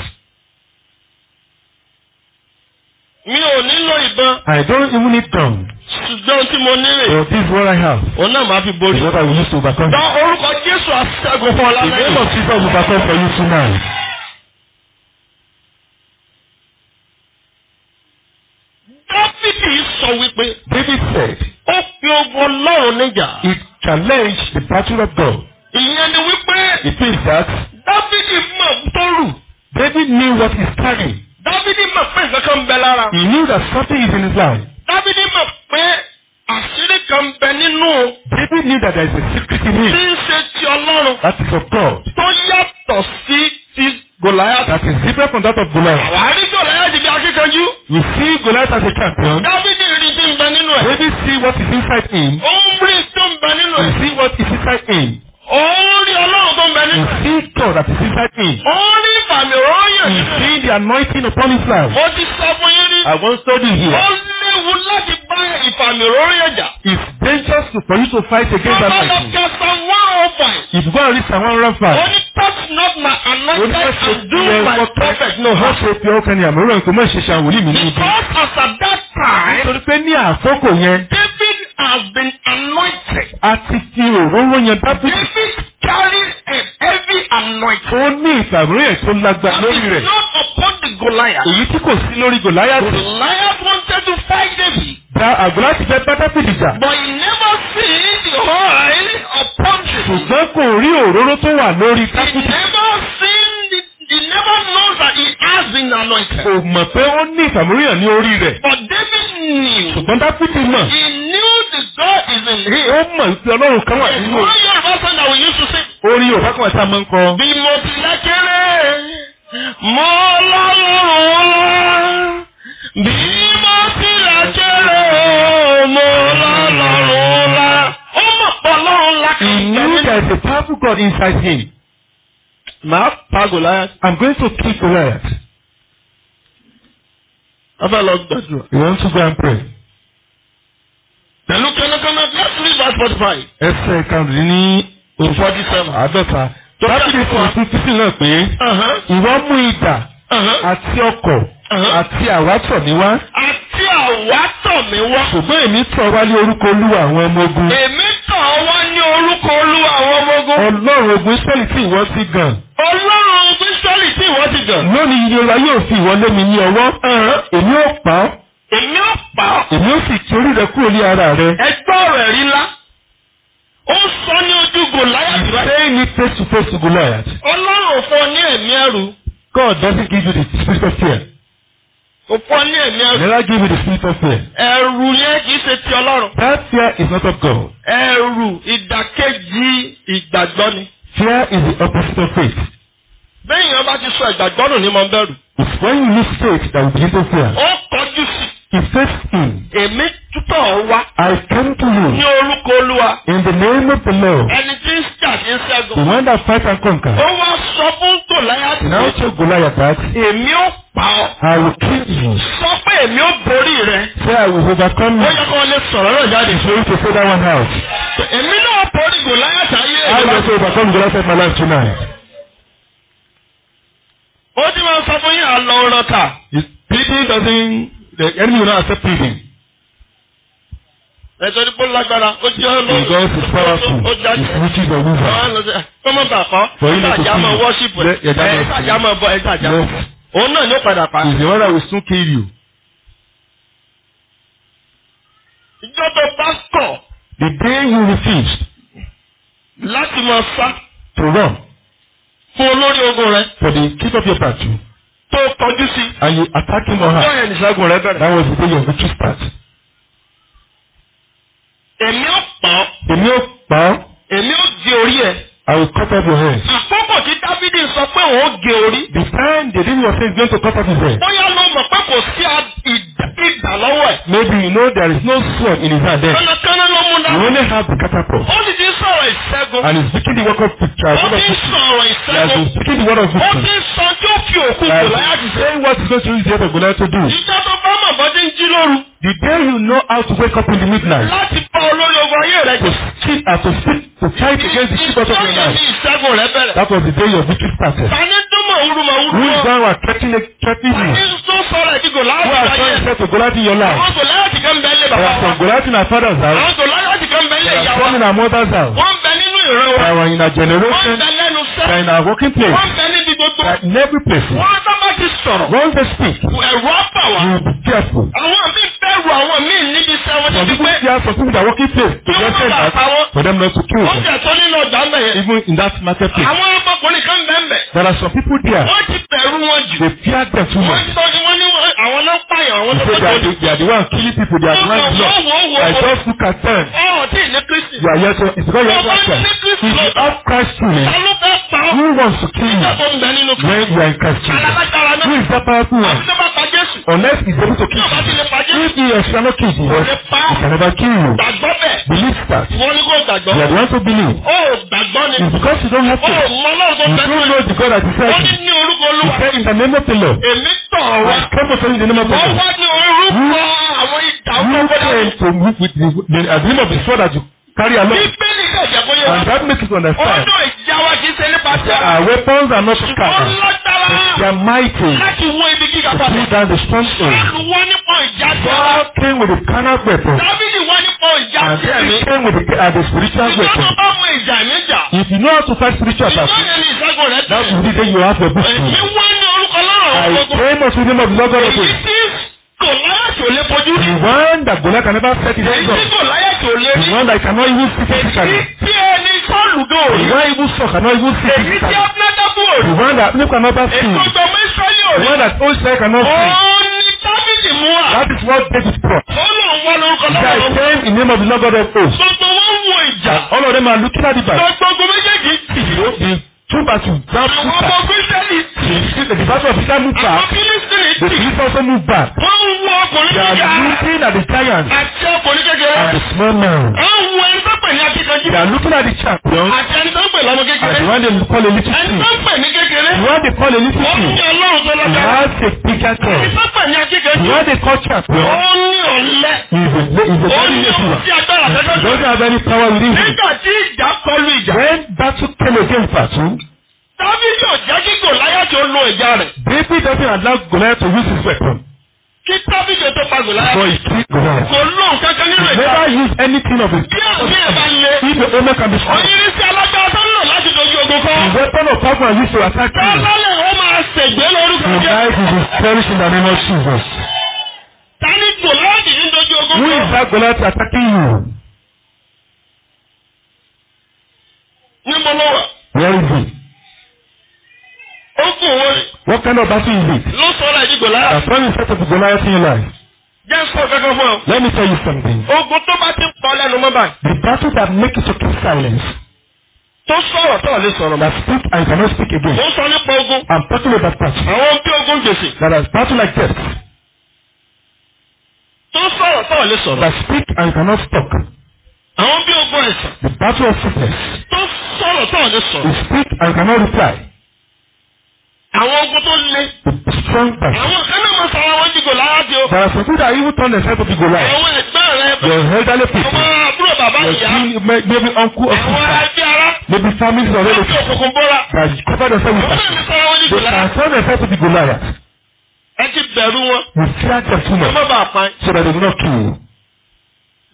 mi ò nílò ìbọn. I don't even need gun. ṣùgbọ́n tí mo nílè. for this what I have. òun náà máa fi borí. is what I will use to overcome. dán orúkọ Jésù àṣẹ́gun fún ọlá lẹ́yìn. the name of Jesus will overcome for you tonight. Dáfídì sọ wípé. David said. Ó pe ogun Ọlọ́run níjà. He challenged the battle of God. Ìyẹn ni wípé. It means that. Dáfídì mọ̀ tó David knew what is carrying. Dáfídì mọ̀ pé nǹkan kan bẹ lára. He knew that something is in his life. Dáfídì mọ̀ pé àṣírí kan bẹ nínú. David knew that there is a secret in him. Tí ń ṣe ti Ọlọ́run. That is of God. Tó yàtọ̀ sí ti Goliath. That is different from that of Goliath. Àwa You see Goliath as a champion. Dábìdì rí tí ń bẹ nínú ẹ̀. David see what is inside him. Ó ń rí tó ń bẹ nínú ẹ̀. You see what is inside him. Ó ń rí Ọlọ́run tó ń bẹ nínú ẹ̀. You see God that is inside him. Ó ń rí ìfàmì òróyìn. You see the anointing upon his life. Mo ti sọ fún yín rí. I wan study here. Ó léwu láti bá ìfàmì òróyìn It's dangerous for you to fight against that person. Oh If you go and read Psalm one perfect and do my perfect no how. wọ́n ṣe pe ọkàn ní because of that time. David has been anointed. at ti fi David carried a heavy anointing. ó ní ìfàmúrẹ̀ tó lágbára lórí not upon the Goliath. èyí tí kò sí Goliath. Goliath wanted to fight David. but he never seen the oil upon David. he never anointing. kò mọ̀ pé ó ní ìfàmúríyàn ní orí rẹ̀. but David knew. ṣùgbọ́n dáfídì mọ̀. he knew the God is in him. ó mọ̀ wípé ọlọ́run kan wà nínú. the prayer of us that we used to sing. orin Yorùbá kan tá a máa ń kọ. bí mo ti yá kéré mo lọ́rùn bí mo ti yá mo lọ́rùn wá. ó mọ̀ pé ọlọ́run ńlá kan. he knew there is a powerful God inside him. Màá pa I'm going to kill words after long gbàdúrà. you want to go and pray. The pẹ̀lú kẹ́lẹ́kẹ́lẹ́ let's read verse forty five. ẹsẹ̀ ìkànnì ní forty seven. àádọ́ta. dábìlì sọ títí náà pé uh-huh. ìwọ mú idà uh-huh. àti ọkọ̀ uh-huh. àti àwátọ̀ mi wá. àti àwátọ̀ mi wá. ṣùgbọ́n èmi tọ̀ wá ní orúkọ olúwa àwọn ọmọ ogun. èmi tọ̀ wá ní orúkọ olúwa àwọn ọmọ ogun. ọlọ́run ogun sẹ́yìn tí ìwọ ti gàn. ọlọ́run ogun Israẹli tí ìwọ ti jọ. lónìí Yorùbá yóò fi ìwọ mi ní ọwọ́. èmi ò pa ọ́. èmi ò pa ọ́. èmi ò sì torí rẹ kúrò ní ara rẹ. ẹgbẹ́ ọ̀rọ̀ ẹ̀rí ńlá ó sọ ní ojú Gòláyàtì rẹ. sẹ́yìn ní face Gòláyàtì. Ọlọ́run ò fọ ní ẹ̀mí ẹ̀rù. God doesn't give you the spirit of fear. Kò fọ ní ẹ̀mí ẹ̀rù. Never give you the spirit of fear. Ẹ̀rù yẹn kì í ṣe ti Ọlọ́run. That fear is not of God. Ẹ̀rù ìdàkejì ìgbàgbọ́ ni. Fear is the opposite of faith bẹ́ẹ̀ yẹn bá ti sọ ìgbàgbọ́ nù ní mọ̀ ń it's when you lose faith that you begin to fear. ó kọjú sí. he says in. Hmm, èmi tútọ̀ wá. I come to you. ní orúkọ olúwa. in the name of the Lord. ẹni tí ń jà ní ṣẹ́gun. the one that fight and conquer. ó wá sọ fún Goliath. now to Goliath that. èmi ó pa ọ. I will kill you. sọ pé èmi ó borí rẹ. say I will overcome you. ó yẹ kó lè sọ̀rọ̀ náà jáde. so you can say that one out. èmi náà borí Goliath ayé. I will overcome Goliath my life tonight ó ti máa sọ fún yín àlọ́ ọ̀rọ̀ ta. people doesn't the enemy will not accept pleading. ẹ̀sọ́ ní bó lágbára ó jẹ́ ọlọ́run. because it's powerful it's wicked or evil. kọ́mọ bàkọ́ ẹ̀sàjà máa worship ẹ̀sàjà máa bọ ẹ̀sàjà máa. òun náà ló padà pa. is the one that will soon kill you. ìjọba pastor. the day you refused. láti máa sá. to run fún olórí ogun rẹ. for the king of your party. tó kọjú sí. and you attack him on her. lọ́yẹ̀ nìṣẹ́gun rẹ bẹ̀rẹ̀. that was the day your victory start. èmi ò pa ọ́. èmi ò pa ọ́. èmi ò di orí ẹ. I will cut off your head. àkókò tí Dáfídì táwọn ó gé orí. the time the lady was saying is going to cut off his head. bóyá ló mọ̀ pé kò sí ìdà lọ́wọ́ ẹ̀. maybe you know there is no sword in his hand then. kanakana ló mú náà. you only have the catapult. ó sì ti sọ̀rọ̀ ìṣẹ́gun. and he is speaking the word of the church. ó ti sọ̀rọ̀ ìṣẹ́gun. he has speaking the word of victory. ó ti sọ tí ó fi òkú Gòláyà ti ṣe. he is saying what he is going to use the head Gòláyà to do. ìjọba bá mọ̀ bọ́dé ń jí lóru. The day you know how to wake up in the midnight. Láti bá olórí ogun ayé rẹ̀ To speak and to speak to fight against the ship of your life. Ìṣẹ́gun rẹ̀ bẹ̀rẹ̀. That was the day your victory started. Tani dúnmọ̀ wúrúmọ̀ wúrúmọ̀. Who is that one threatening you? Tani tún sọ̀rọ̀ ẹ̀dí Who has turned himself to Gòláàtì in your life? Àwọn Gòláàtì kan bẹ́ẹ̀ lé bàbá wa. There are some Gòláàtì father's house. Àwọn Gòláàtì kan bẹ́ẹ̀ lé ìyá wa. are some in our mother's house. Wọ́n bẹ nínú ìran wa. There are in generation. Wọ́n bẹ lẹ́nu sẹ́. in our working place. Wọ́n bẹ níbi gbogbo. in every place. Wọ́n Israel proceeded with their working faith to mention that for them not to kill. Wọ́n jẹ́ tó nínú ọjà ń Even in that market place. Àwọn ọmọkùnrin kan bẹ́ẹ̀ bẹ̀. There are some people there. Wọ́n ti bẹ̀rù wọn jù. They fear them too much. Wọ́n ní àwọn náà pààyàn àwọn náà pààyàn. They say they are the ones killing people they are the ones blood. I just look at them. Ọ̀hún tí ìní Kristi. You are yet to it's not yet to happen. If Christ to who wants to kill you when you are in Christ Who is that powerful one? Unless he is able to kill you. If he is not killed, he was. Number two. Gbàgbọ́ Believe that. Wọ́n ní kò You are the one to believe. Oh, gbàgbọ́ ni. It's because you don't have to. Ó mọ náà tó tẹ́tí. You don't know the God that is there. Wọ́n ní ní orúkọ olúwa. He in the name of the Lord. Èmi tọ̀ I come to tell you the name of the Lord. Wọ́n wá You came to move with the, the agreement of the sword that you carry along. Bíbélì And that makes it understand. Ọdún ìjà weapons are not carnal. They are mighty. To put down the strong soul. God came with a carnal weapon. Ṣé language. ìjọba bá wọn ìjà níjà. if you know how to fight spiritual battle. ìjọba ni ìṣẹ́gun rẹ tẹ̀. that will the day you have a book. èmi wá ní orúkọ lọ́rọ̀ ọ̀gbọ̀n. I pray much in the the Lord God èyí tí kò tó lé fojú the one that Goliath can never set his eyes on. èyí tí kò tó lé rí. the one that cannot even see physically. èyí tí ẹni sọ́ọ̀lù dò the one even saw cannot even see physically. èyí tí abinadabu the one that Nick cannot see. èyí tó gbọmọ Israẹli the one that old Israel cannot see. ó ní Dáfídì mú wa. that is what David brought. ó lóun wá lórúkọ lọ́wọ́. in the name of the Lord God of hosts máa lu kíládì bàjẹ́. gbogbo méjèèjì tì di túbà tù bá tù àwọn kristiani tì. the department of islamu bá. àwọn ministry the police also move back. wọ́n ń wo ọkùnrin gíga. they are looking at the giant. àti ọkùnrin kékeré. and the small man. wọ́n ń wo ẹni tó pè ní akíkanjú. they are looking at the champion. àti ẹni tó pè lọ́mọ kékeré. and the one they call a little thing. ẹni tó pè ní kékeré. the one they call a little thing. wọ́n ń yọ ọlọ́run ọ̀lẹ. Olúwa ti agbára lọ́dọ̀. Lọ́dọ̀ abẹ́rẹ́ power within you. Nígbà tí ìjà kọlu ìjà. When battle came against Fatu. David, ò jẹ́ kí Gòláyà tó lo ìjà rẹ̀. David doesn't allow Goliath to use his weapon. Kí Dábìlì tó pa Gòláyà. Before he kill Goliath. Kò lóun kankan nínú ìjà. Never use anything of his. Bí àbí bá lé. If the owner can be strong. Oyinísí alágbára tó ń lò láti dojú ogun kọ́. The weapon of power used to attack you. Tọ́lá lè ó máa ṣègbè lórúkọ jẹ́. The life is perished in the name of Jesus that Goliath attacking you. Níbo ló wà? Where is he? Ó kù wọ́n. What kind of battle is it? Ló sọ ọ́ láì ní Goliath. That's why you set up Goliath in your life. Jẹ́ sọ kankan fún ọ. Let me tell you something. Ogun tó bá ti pọ̀ lẹ́nu mọ́ báyìí. The battle that makes you keep silence. Tó sọ̀rọ̀ tó lè sọ̀rọ̀. That speak and cannot speak again. Ó sọ nípa ogun. I'm talking about that. Àwọn bí ogun gbèsè. That is battle like death tó sọ̀rọ̀ sọ̀rọ̀ lè sọ̀rọ̀. that speak and cannot talk. àwọn bí ogun ẹ̀sìn. the battle of sickness. tó sọ̀rọ̀ sọ̀rọ̀ lè sọ̀rọ̀. they speak and cannot reply. àwọn ogun tó le. the strong person. àwọn kánà máa sọ àwọn jí gòláyà di o. there are some people that even turn themselves to be gòláyà. àwọn ẹgbẹ́ rẹ. your elderly people. ọmọ àbúrò bàbá ìyá. your maybe uncle or sister. àwọn ẹbí ara. maybe family or relatives. wọ́n òkùnkùn bọ́ra. that cover themselves with. wọ́n ti sọ àwọn jí gòláyà. they can turn themselves to be gòláyà ẹ ti bẹ̀rù wọn. you fear the funeral. ọmọ bá a pa. so that they will not kill you.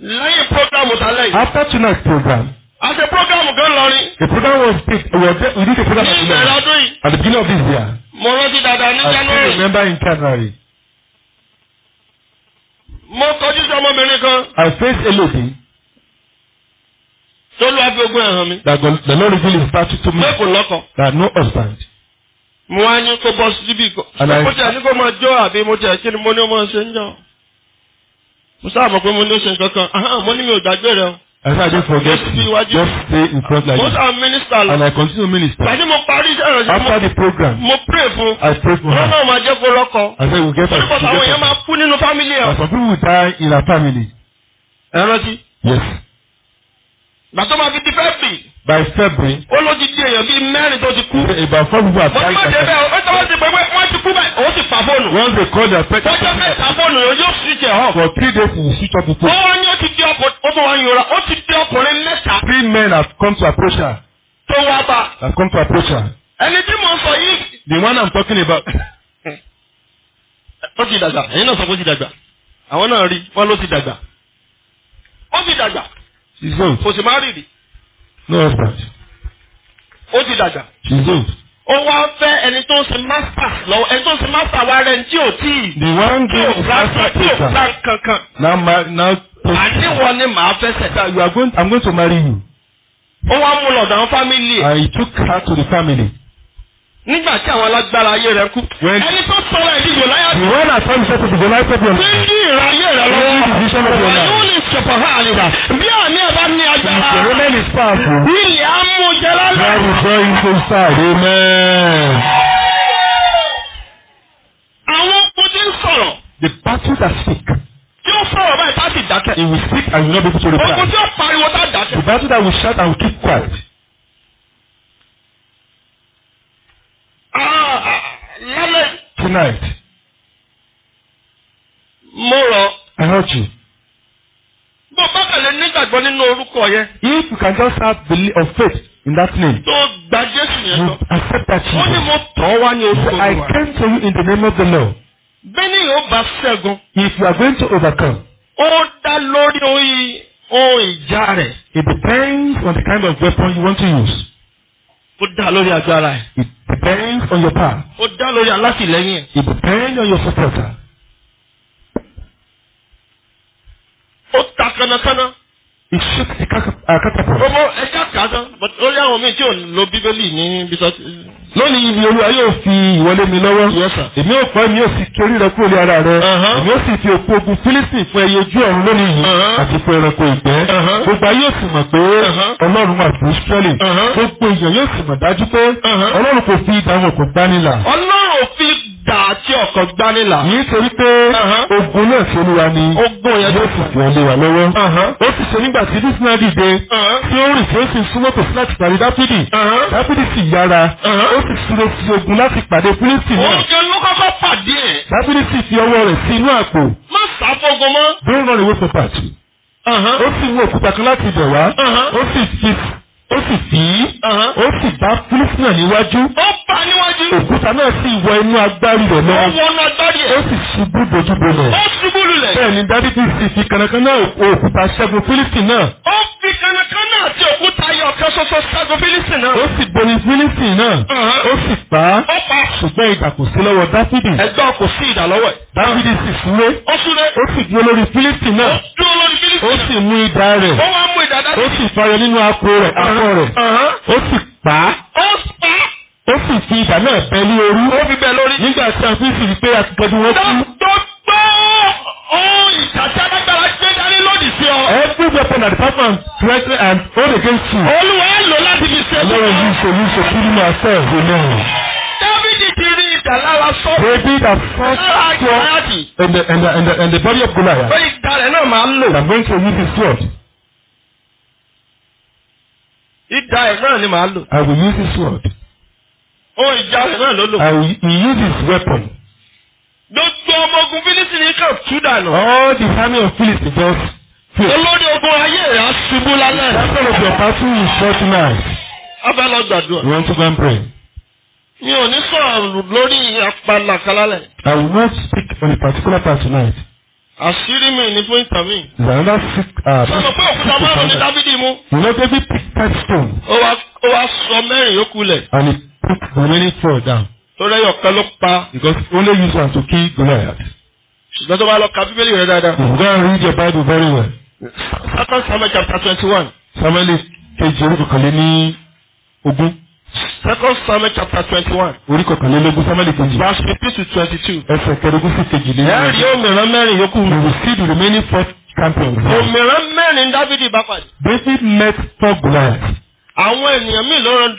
lẹ́yìn programu talẹ́ yìí. after tonight's program. as a program gan lọrin. the program was big we were there we did the program. ní ìbẹ̀rẹ̀ ọdún yìí. at the beginning of this year. mo rántí dáadáa ní January. I still remember in January. mo kọjú sí ọmọbìnrin kan. I faced a lady. tó lọ́ọ́ fi ogún ẹ̀ hàn mi. that the Lord revealed his part to me. pé kò that no husband mo wá ní kó bọ́ síbí kan mo tẹ̀ ní kó máa jó àbí mo tẹ̀ kí ni mo ní mo ṣe ń jọ. mo sáà mọ̀ pé mo ní ṣe nǹkan mo ní mi ò gbàgbé rẹ o. I said I forget you. Just stay in front like Most this. minister. And I continue minister. After the program. Mo pray fún. I pray for her. Ọlọ́run máa jẹ́ kó lọ́kọ. I said we get her. Olùkọ́ àwọn Some people will die in our family. Ẹ Yes. Gbàtọ́ máa fi di by February. ó ló ti di èèyàn bíi mẹ́rin tó ti kú. about four people have died. mo ti máa débẹ̀ o tó bá ti pẹ́ pé wọ́n ti kú báyìí òun ti fà fóònù. once they call their pet. wọ́n jẹ́ fẹ́ ta fóònù yóò yóò switch ẹ̀ hàn. for three days we switch off the phone. ó ní ó ti di ọkùnrin ó tún wá ń yọra ó ti di ọkùnrin mẹ́ta. three men have come to approach her. tó wá bá. have come to approach her. ẹni tí mò ń sọ yìí. the one I'm talking about. ó ti dàgbà ẹ̀yin náà sọ pé ó ti dàgbà àwọn náà rí wọ́n ló ti dàgbà ó ti dàgbà. kò sì má rìrì. No husband. Ó ti dàgbà. She is old. Ó wá fẹ́ ẹni tó ń ṣe masters lọ́wọ́ ẹni tó ń ṣe masters wa rẹ̀ tí ò tí ì. The one who of master paper. Tí ò plan kankan. Na ma na. Àníwọ̀ ni màá fẹ́ You are going I'm going to marry you. Ó wá mú lọ̀dọ̀ àwọn family. I took her to the family nígbà tí àwọn alágbára ayé rẹ kú. ẹni tó sọ̀rọ̀ ìdíje láyà. the one that tell you say to go life problem. ti ń dín ìrọ̀ ayé rẹ lọ́wọ́. the decision of your life. ẹ̀yún ni ìṣẹ̀fọ̀ ha àlejò. bí àní ẹ̀ ní agbára. the woman is ilé amújẹ lálẹ́. God is going to àwọn ọmọdé ń sọ̀rọ̀. the battle that speak. tí ó sọ̀rọ̀ báyìí tá a he will speak and you no be able to reply. ogun tí ó pariwo tá shout and keep quiet. Ah, Tonight. Mo rọ. I hurt you. Bó bá kàlẹ́ nígbàgbọ́ nínú orúkọ yẹn. If you can just have the of faith in that name. Tó gba Jésù yẹn lọ. You accept that Jesus. Wọ́n ní mo tọ́ wá ní orúkọ wa. I came to you in the name of the Lord. Bẹ́ẹ̀ni yóò bá ṣẹ́gun. If you are going to overcome. Ó dá lórí oyin ohun ìjà rẹ̀. It depends on the kind of weapon you want to use ó dá lórí agbára ẹ̀. it depends on your power. ó dá lórí alátìlẹ́yìn ẹ̀. it depends on your supporter. ó ta kánnakánná ìṣe ti kátàpọ̀. ọmọ ẹja kà á tán lórí àwọn míì tí ò lo bíbélì ní bisọtì. lónìí ibi olúwa yóò fi ìwọlé mi lọ́wọ́. èmi ò pọ́ èmi ò sì torí rẹ kúrò ní ara rẹ. Uh-huh. èmi ò sì fi òkú ogun fílísì fún ẹyẹ ojú ọ̀run lónìí yìí uh-huh. àti fún ẹranko ìgbẹ́. Uh-huh. gbogbo ayé yóò sì mọ̀ pé ọlọ́run wà Ísírẹ́lì. gbogbo èèyàn yóò sì mọ̀ dájú pé ọlọ́run kò fi ìdáhùn kò gbani ọlọ́ dá tí ọ̀kan gbá nílà. nítorí pé ogun náà ṣe olúwa ni ogun yẹn ló sì fi olúwa lọ́wọ́. ó sì ṣe nígbà tí dísínà dìde tí ó rìn tí ó sì súnmọ́ tòsí láti pàdé dápídì dápídì sì yára ó sì súnmọ́ sí ogun láti pàdé fílísì náà. oúnjẹ ló kọ́kọ́ pàdé ẹ̀. dápídì sì fi ọwọ́ rẹ̀ sí inú àpò. má sàfọ̀gọ̀ mọ́. bí ó rọrùn ìwé pépà ó sì mú òkúta kan láti ibẹ̀ wá ó sì fi ó sì fi ó sì bá fílísì náà níwájú òkúta náà sì wọ inú agbárí rẹ̀ lọ. ó wọ inú agbárí ẹ̀. ó sì ṣubú dojúbolẹ̀. ó ṣubú lulẹ̀. bẹ́ẹ̀ ni dábìtì sì fi kànákàn náà òkúta ṣẹ́gun fílísì náà. ó fi kànákàn náà àti òkúta ayọ̀ kan ṣoṣo ṣẹ́gun fílísì náà. ó sì borí fílísì náà. Uh-huh. ó sì pa. ó pa. ṣùgbọ́n ìdà kò sí lọ́wọ́ dáfídì. ẹgbẹ́ kò sí ìdà lọ́wọ́ ẹ̀. dáfídì sì súré. ó súré. ó sì dúró lórí fílísì náà. ó dúró lórí fílísì ó sì fi ìdá náà bẹ orí. ó fi bẹ lórí. nígbà tí a fi sì rí pé akíkanjú wọn kú. tó gbọ́ ohun ìjà alágbára gbé dání lòdì sí ọ. every weapon and department threaten and hold against you. olúwa lò láti fi ṣe. ọlọ́run yìí ṣe yìí ṣe kúrú máa fẹ́ ẹ̀rọ náà. dávidi ti rí ìdá sọ. david has first saw in the in the in the in the body of goliath. pé ìdá náà máa ń lò. i'm going to use this sword. ìdá ẹ̀ náà ni màá lò. i will use this sword ó ìjà rẹ̀ náà ló lò. and he used his weapon. gbogbo ọmọ ogun Fílísítì kan tú dànù. all the family of Philistines just fail. olórí ogun ayé rẹ̀ á ṣubú lálẹ́. the battle of your party is short tonight. a fẹ́ lọ gbàdúrà. you want to go and pray. mi ò ní sọ̀rọ̀ lórí apàlà kalálẹ̀. I will not speak on a particular part tonight. Àṣírí mi ni fún ìtàn mi. Zanada sick ah. Uh, sọ̀rọ̀ pé òkúta márùn-ún ni Dáfídì mú. You know David pick that stone. Ó wá sọ mẹ́rin yókù lẹ̀. And he put the remaining four down. lórí ẹyọ kan ló pa. because only use am to kill Goliath. ṣùgbọ́n tó bá lọ ka bíbélì rẹ dáadáa. you gats read your bible very well. second samuel chapter twenty-one. samuel kejì orí kọkànlé ní ogún. second samuel chapter twenty-one. orí kọkànlélógún samuel kejì. verse fifteen to twenty-two. ẹsẹ̀ kẹrìngún sí kejì ní. ẹ̀rí òmìrán mẹ́rin yòókù. you will see the remaining four champions. òmìrán mẹ́rin dávidi bá pàdé. david met four Goliath àwọn ènìyàn míì ló ran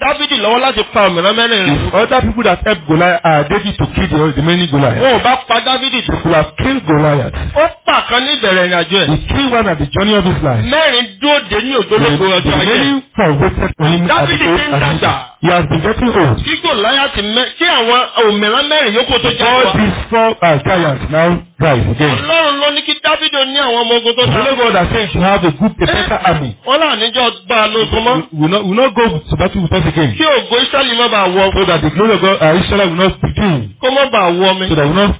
dávidi lọ́wọ́ láti pa òmìnira mẹ́rin. if other people that help Goliath are uh, David to kill the, the many Goliath. wọn ò bá pa dávidi tó. they have killed Goliath. ó pa kan ní ìbẹ̀rẹ̀ ìrìnàjò ẹ̀. he killed one at the journey of his life. mẹ́rin dúró dé ní ògbólógbò ọjọ́ ayé. the many for waited for him as he go as he go. You have been getting old. Kíkò láyà ti mẹ́ kí àwọn òmìnira mẹ́rin yòókù tó jáde wá. All these four uh, giants now rise again. Ọlọ́run ló ní kí Dáfídì ní àwọn ọmọ ogun tó sá. Only God has said you have a good a eh, better army. Wọ́n là níjọ́ gbá a lóògùn mọ́. We no we no go to battle with us again. Kí ògo Ísírẹ́lì má bàa wọ. So that the glory of God uh, Israel will not be king. Kó má bàa wọ mi. So that we no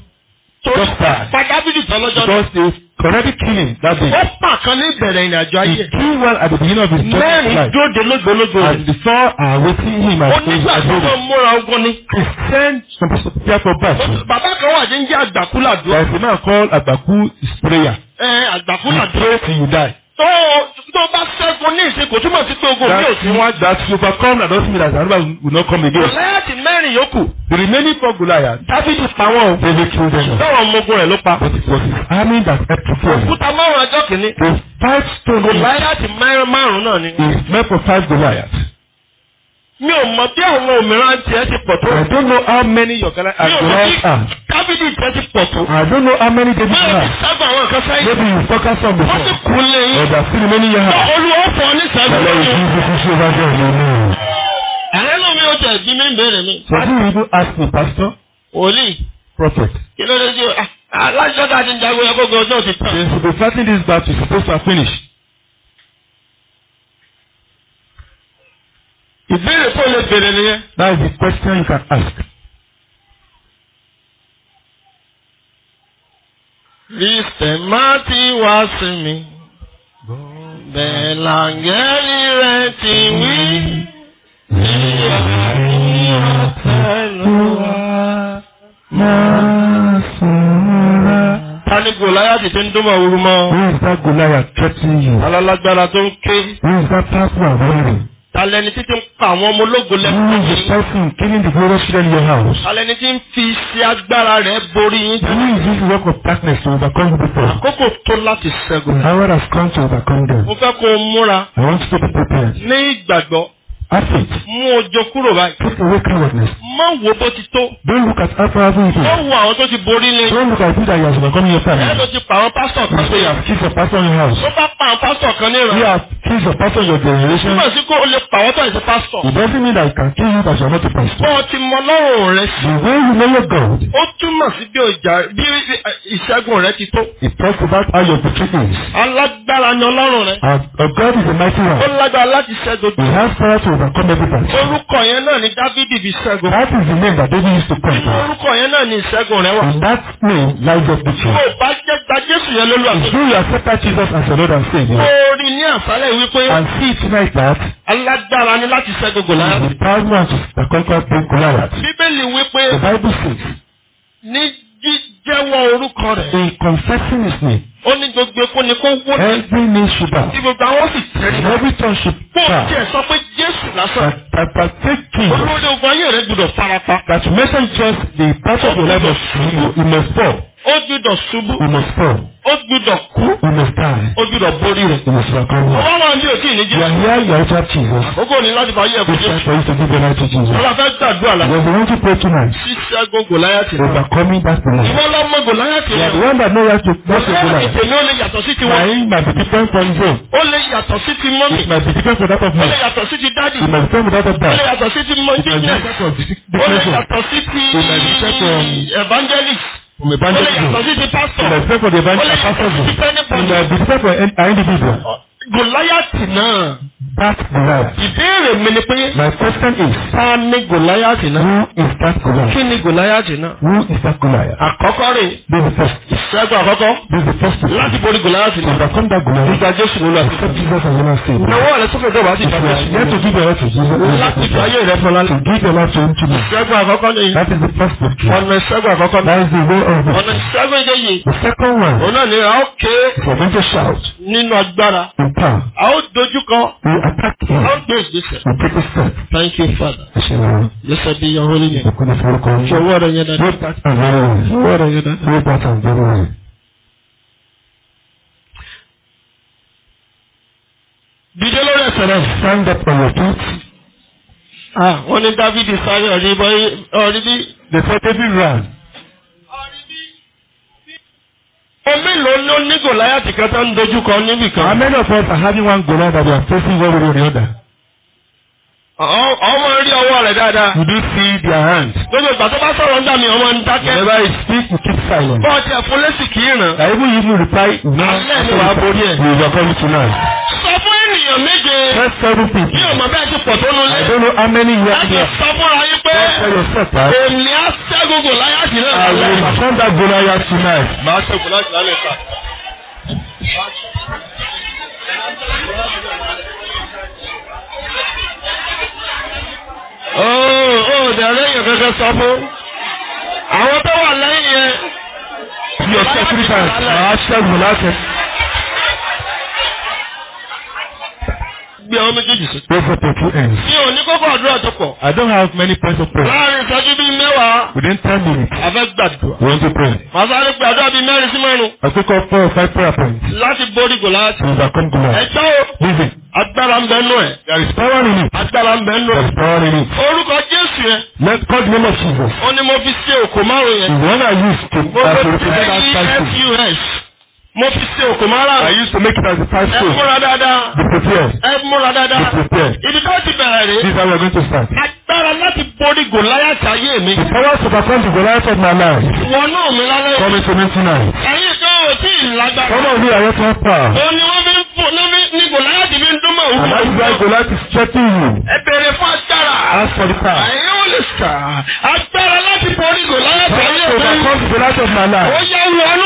torí fàdábìlì tọ́lọ́jọ́ náà. because he already killing that day. ó pa kan ní ìbẹ̀rẹ̀ ìrìn àjò ayé. he killed one at the beginning of his life. mẹ́rin dóde lógbólógbò. and the saw are waiting him as he was going. onígbàgbọ́ múra ogun ni. he sent some people to for bath. bàbá kan wà ní jẹ́ àgbàkú làdúrà. the man called àgbàkú is prayer. ẹ àgbàkú làdúrà. he pray till you die tó tó bá ṣẹ́gun ní ìsìn kò túmọ̀ sí pé ogun mi that one that you overcome that doesn't mean that Zanzibar will not come again. Goliath mẹ́rin yòókù. the remaining four Goliath. David pa wọn o. David killed them. sọ̀rọ̀ ọmọogun rẹ̀ ló pa. but it was army that helped to kill him. òkúta márùn-ún ọjọ́ kìíní. the five stone. Goliath márùn-ún náà ni. is meant for five Goliaths mi ò mọ bí àwọn òmíràn tiẹ̀ ti pọ̀ tó. I don't know how many your Ghana Agbolas are. Dábìlì tiẹ̀ ti pọ̀ tó. I don't know how many David are. Báyọ̀ sábà àwọn nǹkan sáyé. Maybe you focus on before. Wọ́n ti kú lé yín. Ọ̀dà sí ni mo ní yàrá. fọ ní sábà. Ọlọ́run kì í fi kúṣe wájú ọ̀nà náà. Ààrẹ náà mi ò tẹ̀ bí mi ń bèrè mi. So who will you ask me, pastor? Wòlíì. Prophet. Kí ló dé sí o? Alájọ́ ah, ah, ti ń jagun ẹgbẹ́ ogun ọjọ́ ti tán. supposed to finish. ìbéèrè kó lè béèrè nìyẹn. that is the question you can ask. Mr. Mati wá sí mi. Bẹ́ẹ̀ làǹgẹ́rì rẹ̀ ti wí. Ìyá mi àtẹ̀lù wa ń dún mọ̀ mọ́? Wọ́n ń Gòláyà kẹ́tì yìí. Alálágbára tó ń ké. Wọ́n ń bá Pásítọ̀ rẹ̀. Talẹni títí ń pa àwọn ọmọ ológo lẹ́kọ̀ọ́. Who is the person killing the glorious children in your house? Talẹni tí ń fi iṣẹ́ agbára rẹ̀ borí yín. Who is this work of darkness to overcome the people? Àkókò tó láti ṣẹ́gun. The hour has come to overcome them. Mo fẹ́ kó o múra. I want you to be prepared. Ní ìgbàgbọ́ absent. Mú ọjọ́ kúrò báyìí. Take away cowardness. Má wo bó ti tó. Don't look at after having it. Má wo àwọn tó ti borí lé. Don't look at it that you have become your family. Ẹ̀rọ ti pa àwọn pásítọ̀ kan. You say you have killed your pastor in your house. Tó bá pa àwọn pásítọ̀ kan ní ìrọ̀lẹ́. You have killed your pastor in your generation. Nígbà tí kò lè pa àwọn tó àìsí pastor. It doesn't mean that you can kill you as you are not a pastor. Bọ́ọ̀ ti mọ lọ́rùn rẹ The way you know your God. Ó túmọ̀ sí bí ọjà bí ìṣẹ́gun rẹ ti tó. It talks about how your victory is. Alágbára ni Ọlọ́run rẹ. And uh, God is a mighty one. Ó lágbára láti ṣẹ́gun. He has power to over overcome every battle. Orúkọ yẹn náà ni Dávidi fi ṣẹ́gun. That is the name that David used to pray. Orúkọ yẹn náà ni ìṣẹ́gun rẹ wà. And that name lies up with you. Kò bá jẹ́ gba Jésù yẹn lólu àgbẹ̀. Do you accept that Jesus as your Lord and Savior? Orin ní àṣálẹ̀ wípé. And see tonight that. Alágbára ni láti ṣẹ́gun Gòláyà. The power man to conquer Gòláyà. Bíbélì wípé. The Bible says. Ní jíjẹ́wọ́ orúkọ rẹ̀. In confessing his name ó ní gbogbo epo ni kó wó. every knee should be. tí gbogbo àwọn sì tẹ̀lé. and every tongue should bow. kó o tiẹ̀ sọ pé Jésù lásán. that that take king. olórí ogun ayé rẹ gbọ́dọ̀ farapa. that messengers the battle of your life must fall. you must fall. ó gbọ́dọ̀ ṣubú. you must fall. ó gbọ́dọ̀ kú. you must die. ó gbọ́dọ̀ borí rẹ. you must overcome. ọlọ́run You are here, you are after Jesus. Àkókò ni láti máa yẹ ẹ̀kọ́ Jésù. It's for you to give your life to Jesus. Ọlá fẹ́ gbàdúrà la. You want the to pray tonight. Ṣíṣẹ́gun Gòláyàtì. Overcoming that Goliath. Ìwọ lọ mọ Gòláyàtì. You are the one that know how to cross the Goliath. Ìtẹ̀lé ó lè yàtọ̀ sí tiwọn. Mine might be different from yours. Ó lè yàtọ̀ sí ti mọ́mì. It might be different from that of mine. Ó lè yàtọ̀ sí ti dádì. It might be different from that of dad. Ó lè yàtọ̀ sí ti mọ́ndé. It might be different from the Ó lè yàtọ̀ sí ti evangelist from evangelism. Ó lè yàtọ̀ sí ti pastor. It might be different from the evangelist. Ó lè yàtọ̀ sí ti pastor. It might be different from an Goliath náà. That Goliath. Ìbéèrè mi ni pé. My question is. Ta ni Goliath náà? Who is that Goliath? Kí ni Goliath náà? Who is that Goliath? Àkọ́kọ́ rè. Be the first. Ìṣẹ́gun àkọ́kọ́. Be the first. Láti borí Goliath náà. Ìgbà kọ́ńdà Goliath. Ìgbà Jésù ló lọ sí. Ìgbà Jesus and Lord say. Ìnáwó rẹ̀ sókè dọ̀bà sí ìgbà Jésù. Yẹ́ to give your life to Jesus. Láti fi ayé rẹ̀ fọlá. To give your life to him to me. Ìṣẹ́gun àkọ́kọ́ ni. That is the first of two. Ọ̀nà ìṣẹ́gun àkọ́kọ́ ni. That is the way of it. Ọ̀nà ìṣẹ́gun ìjẹ́yìí. The second one. Òun náà ni a ó ké. For me shout nínú agbára. a ó dojú kọ. a ó gbé ìgbésẹ̀. thank you father. blessed be your holy name. fọwọ́ rẹ yẹn dáadáa. fọwọ́ rẹ yẹn dáadáa. dídé lórí ẹsẹ̀ rẹ̀. stand up on your feet. ah wọ́n ní dávidi sáré ọ̀rí bí. the forty-three round. Mélòó ló ní Gòláyàtì kan tó ń many of us are having one Goliath that we are facing one way or the other? You do see their hand. Whenever he speak, you keep silent. but ẹ̀fọ́ lésì kì reply. will èèyàn méje. That's seven people. Bí ọmọ bẹ́ẹ̀ ti pọ̀ tó nu lé. I don't know how many you are here. Láti sọ fúnra yín pé. Don't tell yourself that. Èmi á ṣẹ́gun Goliath náà. I will perform that Goliath tonight. Màá ṣe Goliath lálẹ́ sá. Oh, oh, dẹ̀rẹ́ èèyàn kankan sọ fún. Àwọn tó wà lẹ́yìn yẹn. Yóò ṣe three times. Màá ṣẹ́gun láti. for tattoo ends. Mi ò ní kókó àdúrà tó pọ̀. I don't have many points of prayer. Láàrin ìṣẹ́jú bíi mẹ́wàá. Within ten minutes. A fẹ́ gbàdúrà. We want to pray. Màá sáré pé àdúrà bíi mẹ́rin sí mẹ́rin. I take up four or five prayer points. Láti borí Goliath. To overcome Goliath. Ẹ̀jọ́ o. Listen. Agbára ń bẹ nú ẹ̀. There is power in it. Agbára ń bẹ nú ẹ̀. There is power in it. Orúkọ Jésù yẹn. Let God name of Jesus. Ó ní mo fi ṣe òkò márùn-ún yẹn. The one I use to. Mo fẹ́ fi ṣe EFUS mo fi ṣe òkè I used to make it as a first school. ẹ múra dáadáa. be prepared. ẹ múra dáadáa. be prepared. ibi tó ti bẹ̀rẹ̀ rè. this is how we are going to start. agbára láti borí Goliath ayé mi. the power to perform the Goliath of my life. wọnú mi lálẹ́. come into me tonight. ẹ̀yin kan ò tí ì lágbára. some of you are yet not far. ó ní wọ́n fi ń fò níbi ní Goliath fi ń dúnmọ̀ òun. and that is why Goliath is checking you. ẹ bèrè fún agbára. ask for the power. àyè ó lè sà. agbára láti borí Goliath ayé mi. power to perform the Goliath of my life. ó yẹ wọ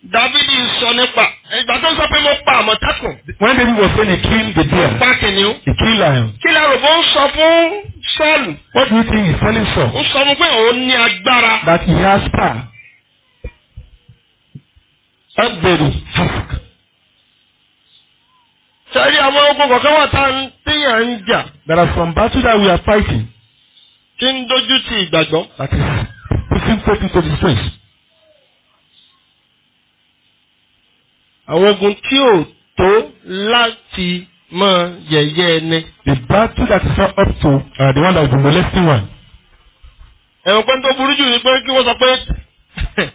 David is son nípa ìgbà tó ń sọ pé mo pa àmọ̀tẹ́kùn. When David was saying he killed the deer. Ó pa kìnìún. He killed lion. Kí lẹ́rù bó ń sọ fún Sọ́ọ̀lù? What do you think he's telling Saul? Ó sọ fún pé òun ní agbára. That he has power. Ẹgbẹ̀rún task. Sẹ́rí àwọn ogun kọ̀ọ̀kan wà tá téèyàn ń jà. There are some battles that we are fighting. Kí ń dojú ti ìgbàgbọ́. That is, pushing faith to the strength. àwọn ogun tí ò tó láti mọ yẹ̀yẹ́ ẹni. the battle that is not up to uh, the one that is the molesting one. ẹ̀wọ̀n pé tó burú jù ni pé kí wọ́n sọ pé.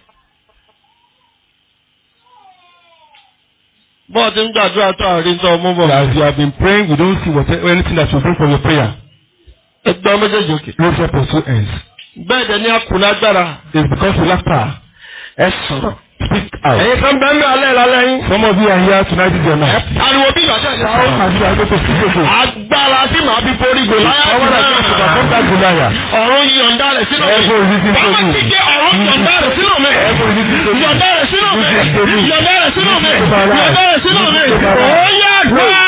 bọ́ọ̀ ti ń gbàdúrà tó àárín tó ọmọ bọ̀. as you have been praying we don't see what, anything that you bring from your prayer. ẹgbẹ́ méjèèjì òkè. no share pursue ends. bẹ́ẹ̀ dẹ̀ ni a kù it's because we lack power. ẹ sọ̀rọ̀ speak out. ẹ̀yin kan bẹ́ẹ̀ bẹ́ẹ̀ alẹ́ lálẹ́ yín. some of you are here tonight is your night. ariwo bí ìgbà tẹ̀lé. sáwọn àti àgbẹ̀tò sí gbèsè. agbára tí màá fi borí gòláyà. ọwọ́ náà ti sọ̀rọ̀ fún ta gòláyà. ọ̀run yọ̀ǹda rẹ̀ sínú mi. ẹ̀fọ́ ìrísí sómi. bàbá ti jẹ́ ọ̀run yọ̀ǹda rẹ̀ sínú mi. ẹ̀fọ́ ìrísí sómi. yọ̀ǹda rẹ̀ sínú mi. yọ̀ǹda rẹ̀ sínú mi. yọ̀ǹda rẹ̀ sínú mi. ó yá gbà.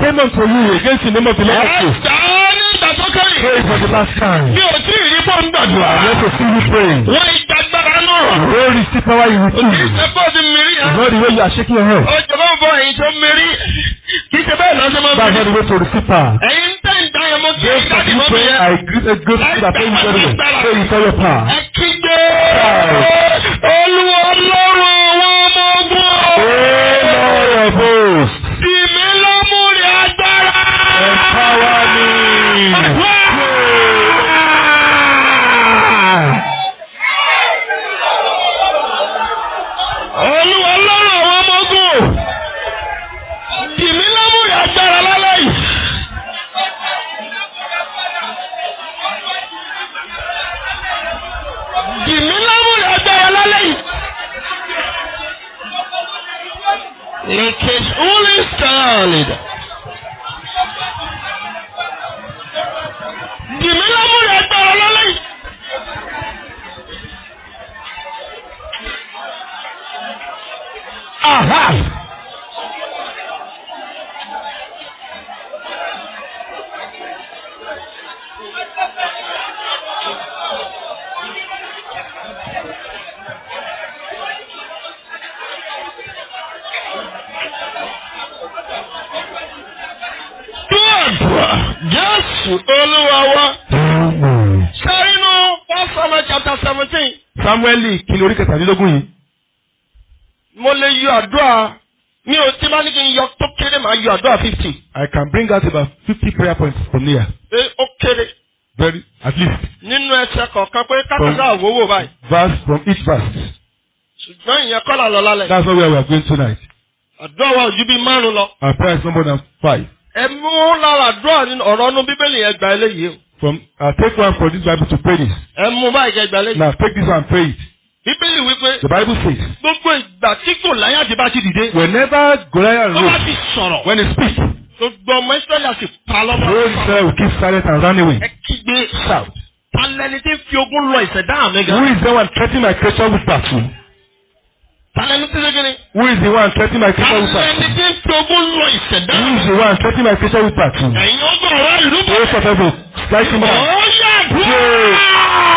payment for you against the name of the Lord of you. Pray for the last time. Mi ò tí ì rí bọ́ọ̀n gbàdúrà. Let us see you pray. Wọ́n ìgbàgbára náà. Wọ́n rí sí power you receive. Òkè ṣe bọ́ọ̀ ti mìírí. Lord, the way you are shaking your head. Ọjọ́ bá ń bọ ẹ̀yin tó mìírí. Kì í ṣe bẹ́ẹ̀ lọ́sẹ̀ máa ń bẹ̀rẹ̀. That's not the to receive power. Ẹ̀yin tẹ̀ ń dá ẹmọ kí ẹ mọ́ mi yẹn. I greet a good spirit I pays you very well. Pray you for your power. Ẹ kígbe. Olúwa lọ́rùn wọn mọ́ ogun. Ó lọ́rọ̀ mẹ́rìndínlógún yìí. mo lè yọ àdúrà mi ò tí bá ní kí n yọ tó kéré màá yọ àdúrà fifty. I can bring out about fifty prayer points from here. ṣé ó kéré. very at least. nínú ẹsẹ̀ kọ̀ọ̀kan pé kátàdá àwòwò báyìí. verse from each verse. ṣùgbọ́n ìyẹn kọ́ là lálẹ́. that's where we are going tonight. àdúrà wa ò ju bíi márùn lọ. our prayer is number than five. ẹ mú lára àdúrà ọ̀rọ̀ ọ̀nù bíbélì yẹn gbà eléyìí from uh, take one for this Bible to pray this. ẹ mú báyìí kẹ eléyìí. now take this one and pray it. Bíbélì wípé. The Bible says. Gbogbo ìgbà tí Gòláyàdì bá ti dìde. Whenever Goliath rose. Ó ti sọ̀rọ̀. When he speaks. Gbogbo ọmọ Ísírẹ́lì àti Palọ́mọ́. Those Israel will keep silent and run away. Ẹ kígbe. Shout. Talẹ́ni tí ń fi ogún lọ ìṣẹ̀dá mi gan. Who is the one threatening my creation with battle? Talẹ́ni tí ṣe kiri. Who is the one threatening my creation with battle? Talẹ́ni tí ń fi ogún lọ ìṣẹ̀dá mi. Who is the one threatening my creation with battle? Ẹ̀yin ọgbọ̀n ọ̀rọ̀ ìlú bẹ̀rẹ̀. Ó sọ fẹ́ bò. Láìsí mọ́. Ó yàgbọ́.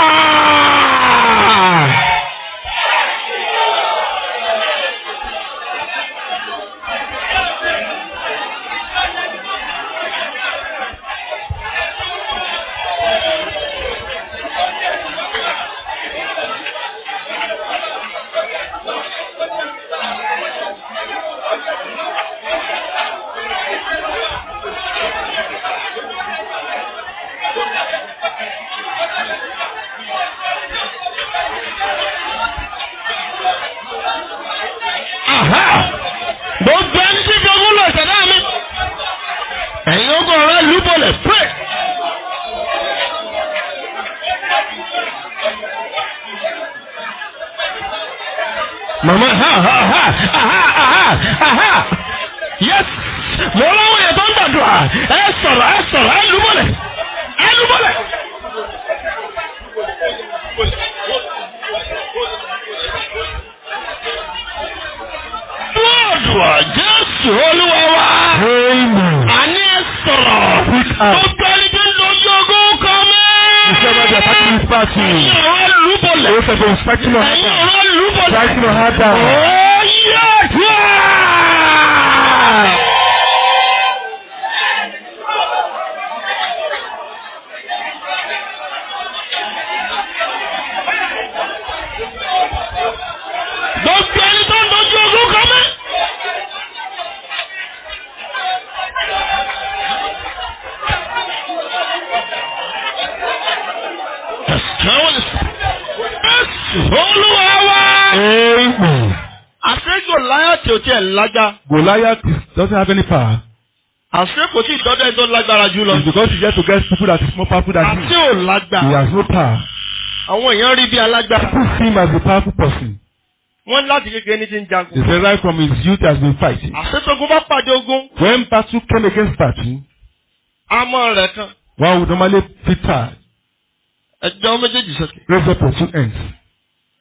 Amen. Àṣé Gòláyàtì ò tiẹ̀ lágbá. Goliath doesn't have any power. Àṣé kò tí ìdọ́dọ̀ ẹjọ́ lágbára jù lọ. It's because you get to get people that is more powerful than you. Àṣé ò lágbá. He has no power. Àwọn èèyàn rí bí alágbára. People see him as a powerful person. Wọ́n láti kékeré ní ti ń jagun. He said right from his youth has been fighting. Àṣetogun bá pàdé ogun. When battle came against battle. Amọ̀ rẹ̀ kan. Wọ́n would normally fit tie. Ẹjọ́ méjèèjì sókè. Raise up your two ends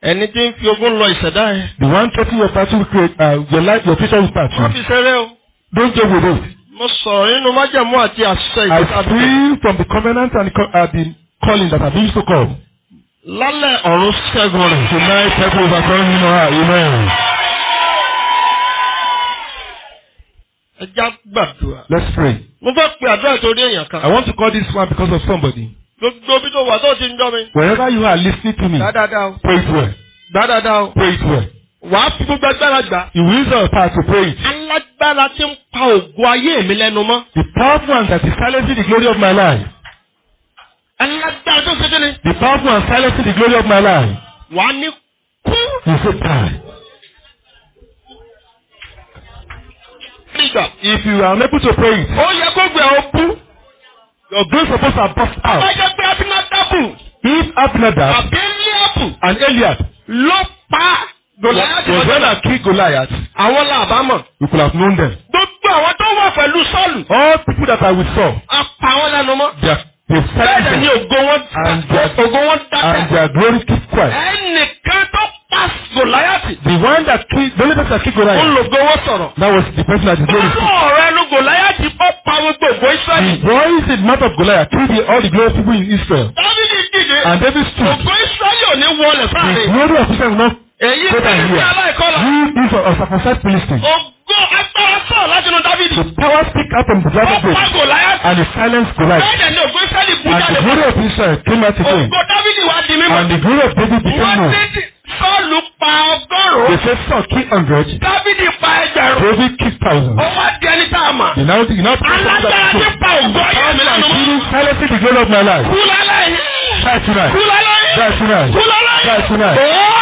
ẹni tí ń fi ogún lọ ìṣẹ̀dá ẹ. the one thirty your party will create uh, your life your future will pass. wọ́n fi ṣeré o. don't joke with it. mo sọ̀rọ̀ nínú májẹ̀mú àti àṣẹ ìjọba. I free from the covenant and uh, the calling that I been used to call. lálẹ́ ọ̀run ṣẹ́gun rẹ̀. tonight people are coming. ha amen. ẹ já gbàdúrà. let's pray. mo fẹ́ pe àdúrà torí èèyàn kan. I want to call this one because of somebody. Gbogbo bí tó wà tó ti ń dán mi. Wherever you are listening to me. Dáadáa o. Pray it well. Dáadáa o. Pray it well. Wàá fi gbogbo gbà. You will not start to pray Alágbára ti ń pa ògo ayé mi lẹ́nu mọ́. The powerful one that is silencing the glory of my life. Alágbára tó ń ṣe ni. The powerful one silencing the glory of my life. Wàá ní kú. You say die. If you are unable to pray Ó yẹ kó gbẹ̀ ọ́ bú. Your grace supposed to have burst out. Wọ́n jẹ́ pé Abinadabu. If Abinadab. Àbí And Eliab. Ló pa Goliath. Was when I Goliath. Àwọn la àbámọ̀. You could have known them. Gbogbo àwọn tó wà pẹ̀lú Sọ́ọ̀lù. All people that are with Saul. A pa wọn lẹ́nu mọ́. They are they fight. Bẹ́ẹ̀ ni ògo wọn. And their ògo wọn dábẹ́. And their glory keep quiet. Ẹnìkan tó That's Goliath. The one that killed the only person that killed Goliath. That was the person that is very sick. Ọ̀pọ̀ ọ̀rọ̀ ẹnu Goliath ó pa gbogbo ògbó The voice of Goliath killed the, all the glorious people in Israel. And David stood. Ògbó Israel ò ní wọlé sáré. The glory of Israel will not èyí bẹ̀rẹ̀ sí aláìkọ́lá. he is a circumcised Philistine. ògo agbára sọ̀rọ̀ láti inú Dáfídì. the power speak out from the blood of God. and the silence Goliath. bẹ́ẹ̀ ni ògo Israẹli and the glory of Israel came out again. ògo Dáfídì wá and the glory of David became known hundred. Dávidi pa ẹgbẹ̀rún. David kiss thousand. Ó wá di ẹni tá a mọ̀. You now you now pray for that. Alágbára ti pa ògbó yẹn mi lánàá. Kúlú silence the glory of my life. Kúlálẹ̀ yìí. That's right. Kúlálẹ̀ yìí. That's right. Kúlálẹ̀ yìí. That's right.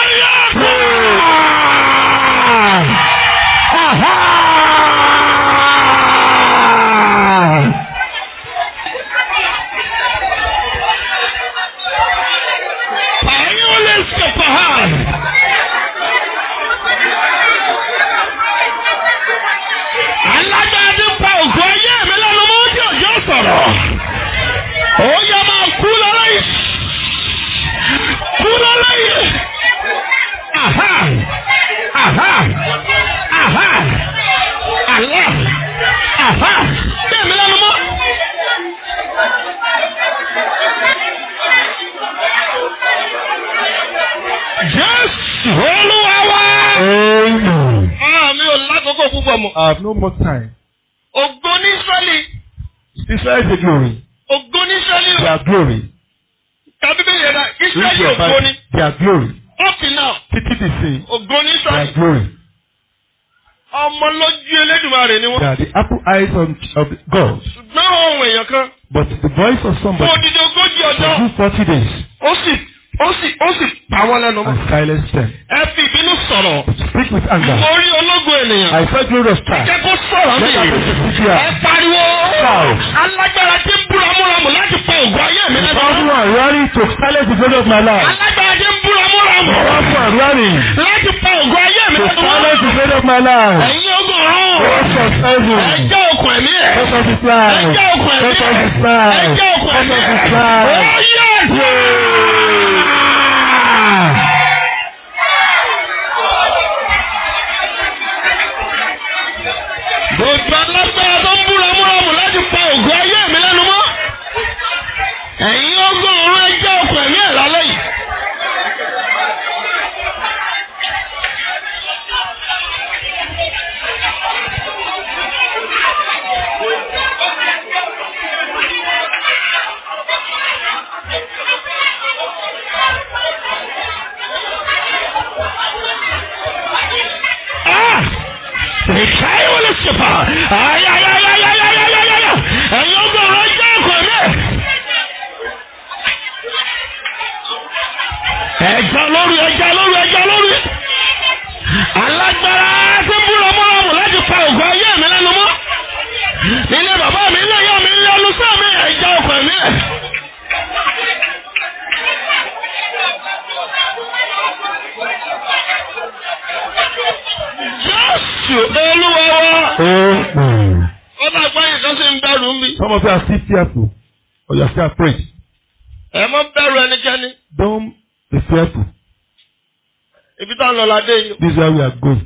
la yìí. this is where we are going.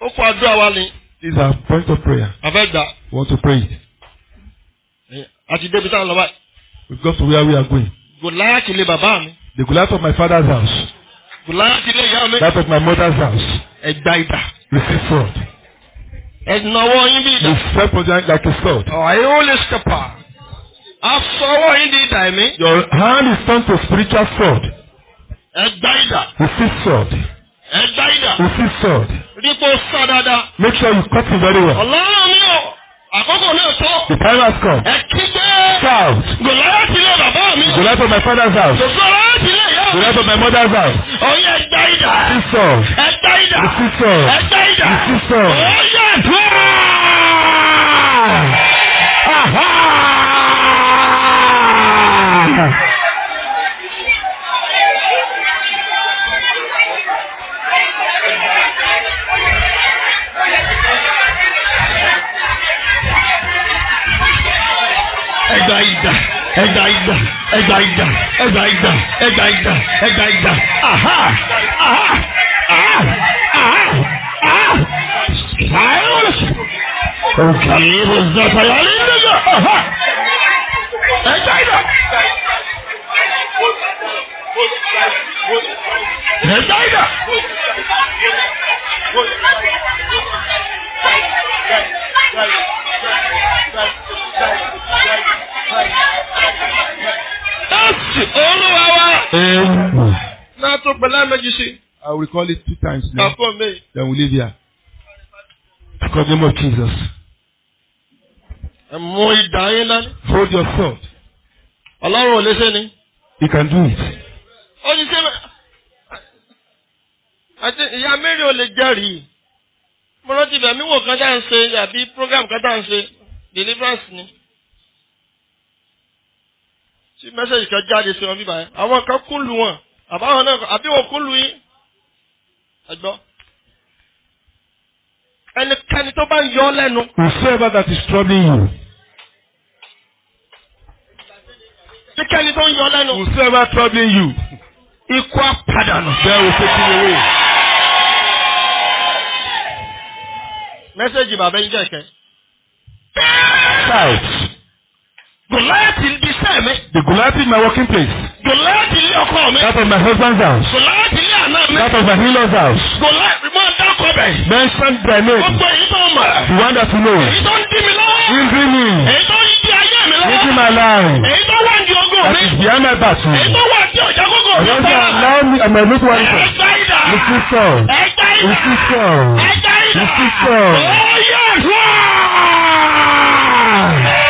ó kó àdúrà wa ni. this is our point of prayer. a fẹ́ gbà. we want to pray it. a ti débi táwọn lọ báyìí. we go to where we are going. Goliath ilé bàbá mi. the Goliath of my father's house. Goliath ilé ìyá mi. that of my mother's house. ẹgbà ìdà. receive fraud. ẹ̀nàwọ́ yín bí ìdà. you step on the like a sword. ọ̀hìn ó lè skapa. asọ́wọ́ yín di ìdà mi. your hand is turned to spiritual sword. ẹgbà ìdà. receive fraud dáadáa. o sword. make sure you cut it very well. the time has come. ẹ kí pé. shout. gòláyàtì lè bàbá my father's house. gòláyàtì lè yá my mother's house. ọyẹ ẹgbẹ sword. sísọ. ẹgbẹ ìdá. sísọ. ẹgbẹ ìdá. sísọ. ọyẹ ẹgbà ìgbà ẹgbà ìgbà ẹgbà ìgbà ẹgbà ìgbà ẹgbà ìgbà aha aha aha aha aha. Okay, it was the priority. times now. Then we leave here. Because the name of Jesus. Hold your sword. Ọlọ́run ò lè ṣe ni. He can do it. Ó ní sẹ́wọ̀n. Àti ìyá Mary ò lè jẹ́rìí. Mo rántí ibẹ̀ mi wò kan tá ń ṣe àbí program kan tá ń ṣe deliverance ni. Ṣé mẹ́sẹ̀gì kan jáde sí wọn bíbá yẹn? Àwọn kan kúlù wọn. Àbáwọn náà àbí wọn kúlù yín ẹgbọ́. ẹnikẹ́ni tó bá ń yọ ọ́ lẹ́nu. whosoever that is troubling you. ẹnikẹ́ni tó ń yọ ọ́ lẹ́nu. whosoever troubling you. ikú apàdánù. bẹ́ẹ̀ o ṣe kí ni wéè. mẹ́sẹ̀gì bàbá yín jẹ́ ẹ̀kẹ́. Goliath ibi iṣẹ́ mi. The Goliath in my working place. Goliath ilé ọkọ mi. That was my husband's house. Goliath ilé àná mi. That was my in-laws house. Goliath mo dákọ̀ bẹ̀. Mention by name. Gbogbo èyí tó mọ̀. The one that you know. Èyí tó ń dí mi lọ́wọ́. Hindry me. Èyí tó ń di ayé mi lọ́wọ́. Hindry my life. Èyí tó wà ní ogún mi. That is behind my back. Èyí tó wà ní ọjà gógó mi. Ọjọ́ allow me and my little one. Ẹgbẹ́ ìdá. sọ. Ẹgbẹ́ ìdá. Ìsú ìdá. Ìsú Oh yes!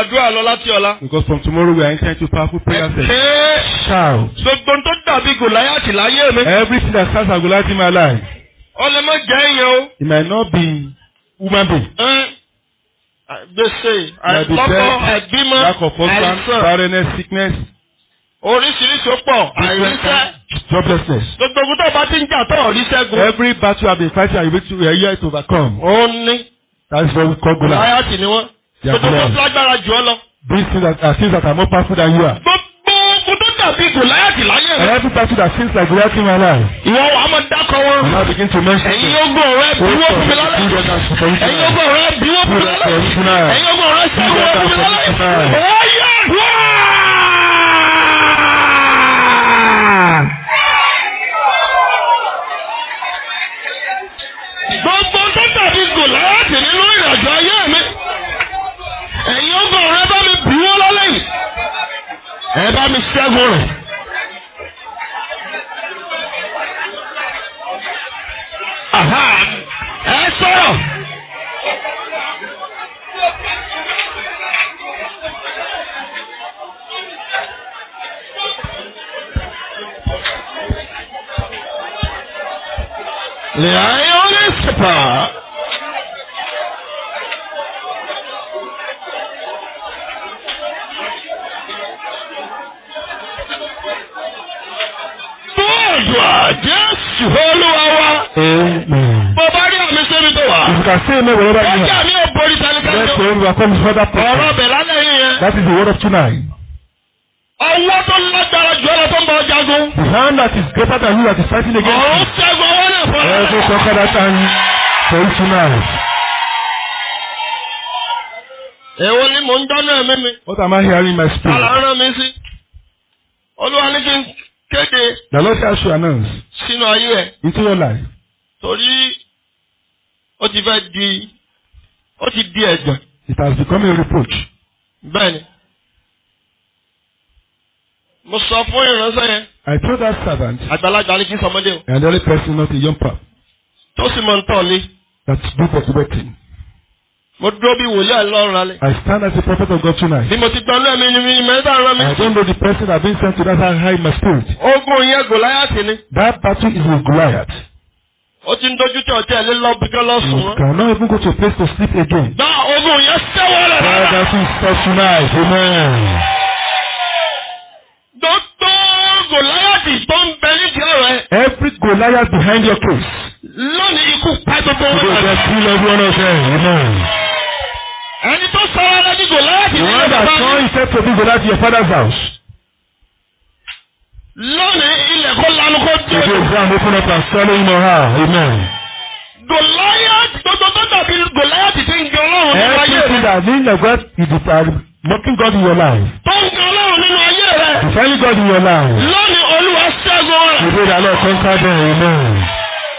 àdúrà lọ láti ọ̀la. because from tomorrow we are entering into powerful prayer session. ẹ ṣe gbogbo tó dàbí gòláyàtì láyé mi. everything that starts with gòláyàtì my life. ó lè má jẹ́ èèyàn o. it might not be woman be. gbèsè àìlọ́kọ̀ àìbímọ àìsàn. barrenness sickness. oríṣiríṣi ó pọ̀ àìríṣẹ́. joblessness. gbogbo ogun tó bá ti ń jà tó ọ̀rí ṣẹ́gun. every battle you have been fighting and you are here to overcome. ó ní. that is what we call gòláyàtì ni wọ́n gbogbo tó lágbára jù ọ lọ. these things that are things that are more powerful than you are. gbogbo ogun tó dàbí gòláyàtì láyé rẹ. every person that seems like gòláyàtì in my life. ìwọ wàá máa dákọ wọn. and now begin to mention. ẹ̀yin ogun ọ̀rẹ́ bíwọ́ fún lálẹ́. ẹ̀yin ogun ọ̀rẹ́ bíwọ́ fún lálẹ́. ẹ̀yin ogun ọ̀rẹ́ sẹ́gun ọ̀rẹ́ fún lálẹ́. ọ̀yẹ́ wá. ẹ bá mi ṣẹ́gun rẹ̀. ẹ sọ̀rọ̀. lè ayé. Hear wherever you are. Let the one who are further pray. That is the word of tonight. Ọwọ́ tó lágbára jù ọ́nà tó ń bọ̀ ọ́ jagun. The hand that is greater than you that is fighting against you. Ọ̀hún ṣẹ́gun ọwọ́ náà fọ́nà. Every talker that time for you tonight. Èwo ni mò ń dáná ẹ̀mí mi? What am I hearing my spirit? Àlàárọ̀ mi sí. Olúwa ní kí n kéde. The Lord has to announce. Sínú ayé ẹ̀. Into your life. Torí ó ti fẹ́ di ó ti di ẹ̀jẹ̀. it has become a reproach. bẹ́ẹ̀ni mo sọ fún ìránṣẹ́ yẹn. I told that servant. àgbàlagbà ni kì í sọmọdé o. and the only person not a young pap. tó sì mọ̀ ń tọ̀ lé. that's do for the wedding. Mo dúró bí wòlíì àlọ́run alẹ́. I stand as a prophet of God tonight. Bí mo ti gbọ́ lẹ́mí ni mi mẹ́ta rán mi. I don't know the person that been sent to that high in my spirit. Ogun yẹn Goliath ni. That battle is a Goliath ó ti ń dojú tẹ ọtí ẹlẹ lọ bíkẹ you can now even go to a place to sleep again. gba ogun yẹn sẹ́wọ́ rẹ̀ rárá. father too specialize amen. gbogbo gòláyàtì tó ń bẹ nídìí ọ̀rọ̀ every Goliath behind your case. lónìí ikú pa gbogbo wọn. gbogbo ẹ̀ kú lọ́wọ́ ọ̀rọ̀ ṣe amen. ẹni tó sọ ara ní gòláyàtì. the one saw himself to be Goliath your father's house lónìí ilẹ̀ kó lanu kó dé. ìdí ìfúnni fún ọ̀tà sọ́lé iná ha amen. Goliath gbogbo tó dàbí Goliath ti ń gan ọlọ́run nínú ayé rẹ. everything that mean that God is the uh, God in your life. tó ń gan ọlọ́run nínú ayé rẹ. defending God in your life. lónìí olúwa ṣẹ́gun rẹ̀. ìdí ìdálẹ́ kọ́ńtà bẹ́ẹ̀ amen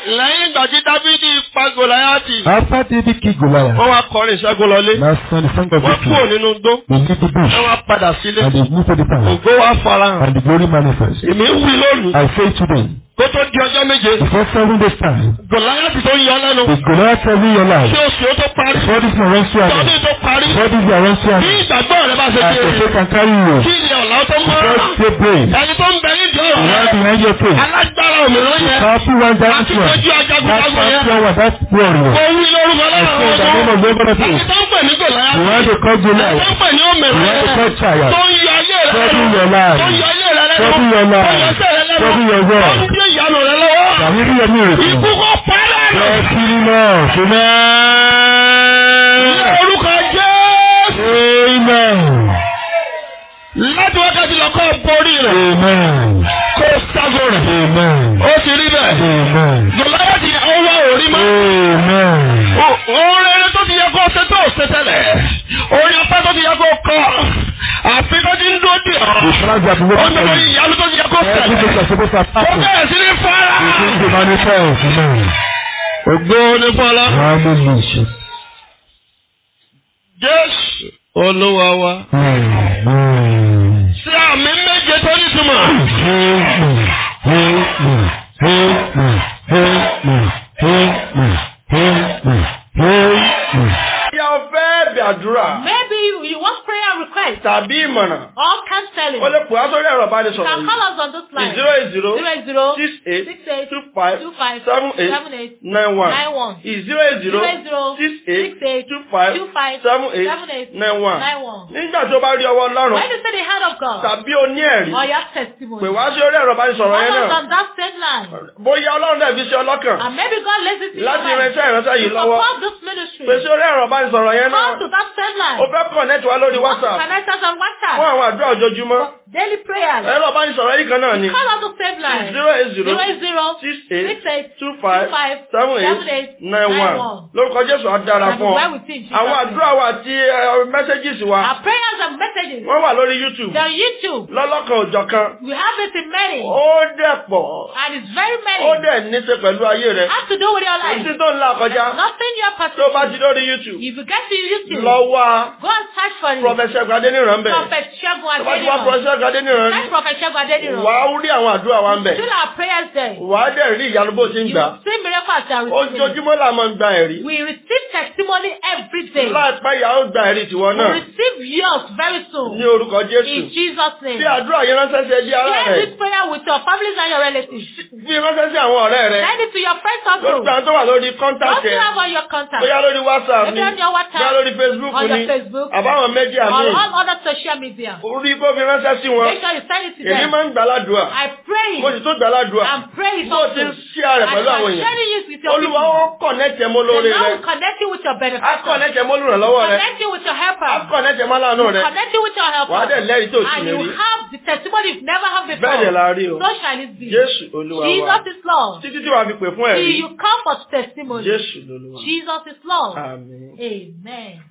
lẹ́yìn ìgbà tí dábìdì pa gòláyàtì. after david kí gòláyà. wọ́n wá kọrin ìṣẹ́gun lọlé. na sanni sango victory. wọ́n kúrò nínú gbó. the little bush. wọ́n wá padà sílé. and the new body power. ògo wá and the glory manifest. èmi ń wí lónìí. I say today kó tó di ọjọ́ méje. before seven days time. Goliath tó yọ lẹ́nu. the Goliath tó yọ lẹ́nu. ṣé oṣù tó parí. before this month runs to an end. parí. before this month runs to an bí ìgbàgbọ́ rẹ bá ṣe kéré. as the faith can carry you. kí ni ọ̀la tó mọ́. because they pray. ẹni tó ń bẹ ní ìjọ rẹ. around the end of the alágbára òmìnira yẹn. the powerful one that is ní Goliath. the one they call Goliath. yẹn. the Ìbú kò pẹ́lẹ́ rẹ̀. Bẹ́ẹ̀ sí nínú ṣùgbọ́n. Ní orúkọ Jésù. Amen. Láti wákàtí lọ kọ́ borí rẹ̀. Amen. Kó ságo rẹ̀. Amen. Ó ti rí bẹ́ẹ̀. Amen. Gòláyà ti yà ọwọ́ orí mọ́. Amen. Orin tó ti yẹ kó ṣe tó ṣe tẹ́lẹ̀. Orin ọpẹ́ tó ti yẹ kó kọ́. Àfi O dè ọ́. Wọ́n tó yí ìyanu tó yẹ kó tẹ̀lé. Ó bẹ̀rẹ̀ sí ní fara. Ògbó ní fọlá. Jésù Olúwa wa. Ṣé àmì méje tó ní túmọ̀? bá you can call us on this line. zero eight zero six eight two five two five seven eight nine one nine zero zero eight zero six eight eight two five seven eight nine one. nígbà tí o bá rí ọwọ́ Ọlọ́run. you see the hand of God. tàbí o ní ẹ̀rí. or testimony. pè wá sí orí ẹ̀rọ ìbánisọ̀rọ̀ yẹn náà. one was that same line. bóyá Ọlọ́run náà fi ṣe ọlọ́kàn. and maybe God lays you. láti ìrìnsẹ̀ ìrìnsẹ̀ yìí lọ́wọ́. to support this ministry. pèsè orí ẹ̀rọ ìbánisọ̀rọ̀ yẹn náà. to that same line. o fẹ́ connect wa lórí WhatsApp. connect us on WhatsApp. fún àwọn àdúrà ojoojúmọ́. daily prayers. ẹ̀rọ ìbánisọ̀rọ̀ yìí kan náà ni. call us the same line. zero eight zero. six eight. two five. seven eight. nine one. lórúkọ Jésù á dára fún wọn àwọn àdúrà wa àti eh, messages wa. our prayers and messages. wọ́n wà lórí YouTube. the YouTube. lọ́lọ́kan òjọ̀ kan. we have it in many. ó dẹ̀ pọ̀. and it's very many. ó dẹ̀ níṣe pẹ̀lú ayé rẹ. has to do with your life. èsì tó ń la kọjá. nothing your person. tó bá ti lórí YouTube. if you get to YouTube. lọ wá. go and search for it. Prophet Ṣẹ́gun Adéníran bẹ̀. Prophet Ṣẹ́gun Adéníran. tó bá ti wá Prophet Ṣẹ́gun Adéníran. search Prophet Ṣẹ́gun wà á rí àwọn àdúrà wa ń bẹ̀. prayers there. wà á dẹ̀ you see miracle as I receive it. we receive testimony money every láìpẹ́ ìyá ó gba ẹ̀rí tiwọn náà. we receive yours very soon. ní orúkọ Jésù. in Jesus name. fi àdúrà yẹn ránṣẹ́ sí ẹbí ara rẹ. share this prayer with your families and your relatives. fi ránṣẹ́ sí àwọn ọ̀rẹ́ rẹ. send it to your friends or group. lóòótọ́ tó wà lórí contact rẹ. don't have all your contact. bóyá lórí WhatsApp ni. bóyá lórí Facebook ni. on your Facebook. àbáwọn méjì àmì. on all other social media. orí bó fi ránṣẹ́ sí wọn. make sure you send it to them. èmi máa ń gbàládùá. I pray. mo sì tún gbàládùá. I'm praying something. mo ti ń ṣí àrẹ pẹ̀lú àwọn èèyàn. I'm sharing it with your people. olúwa ó kọ̀nẹ́tì with your the person. Akọ̀nẹ́ jẹ mọ́ olùrànlọ́wọ́ rẹ. Connect you with your helper. Akọ̀nẹ́ jẹ mọ́ aláàánú rẹ. Connect you with your helper. Wàá dẹ̀ lẹ́yìn tó ti rí. And you have the testimony you never have before. Bẹ́ẹ̀ni la rí o. So shall it be. Jésù Olúwa Jesus is Lord. Títí tí wàá fi pè fún ẹ̀rí. Till you come for testimony. Jésù Olúwa. Jesus is Lord. Amen. Amen.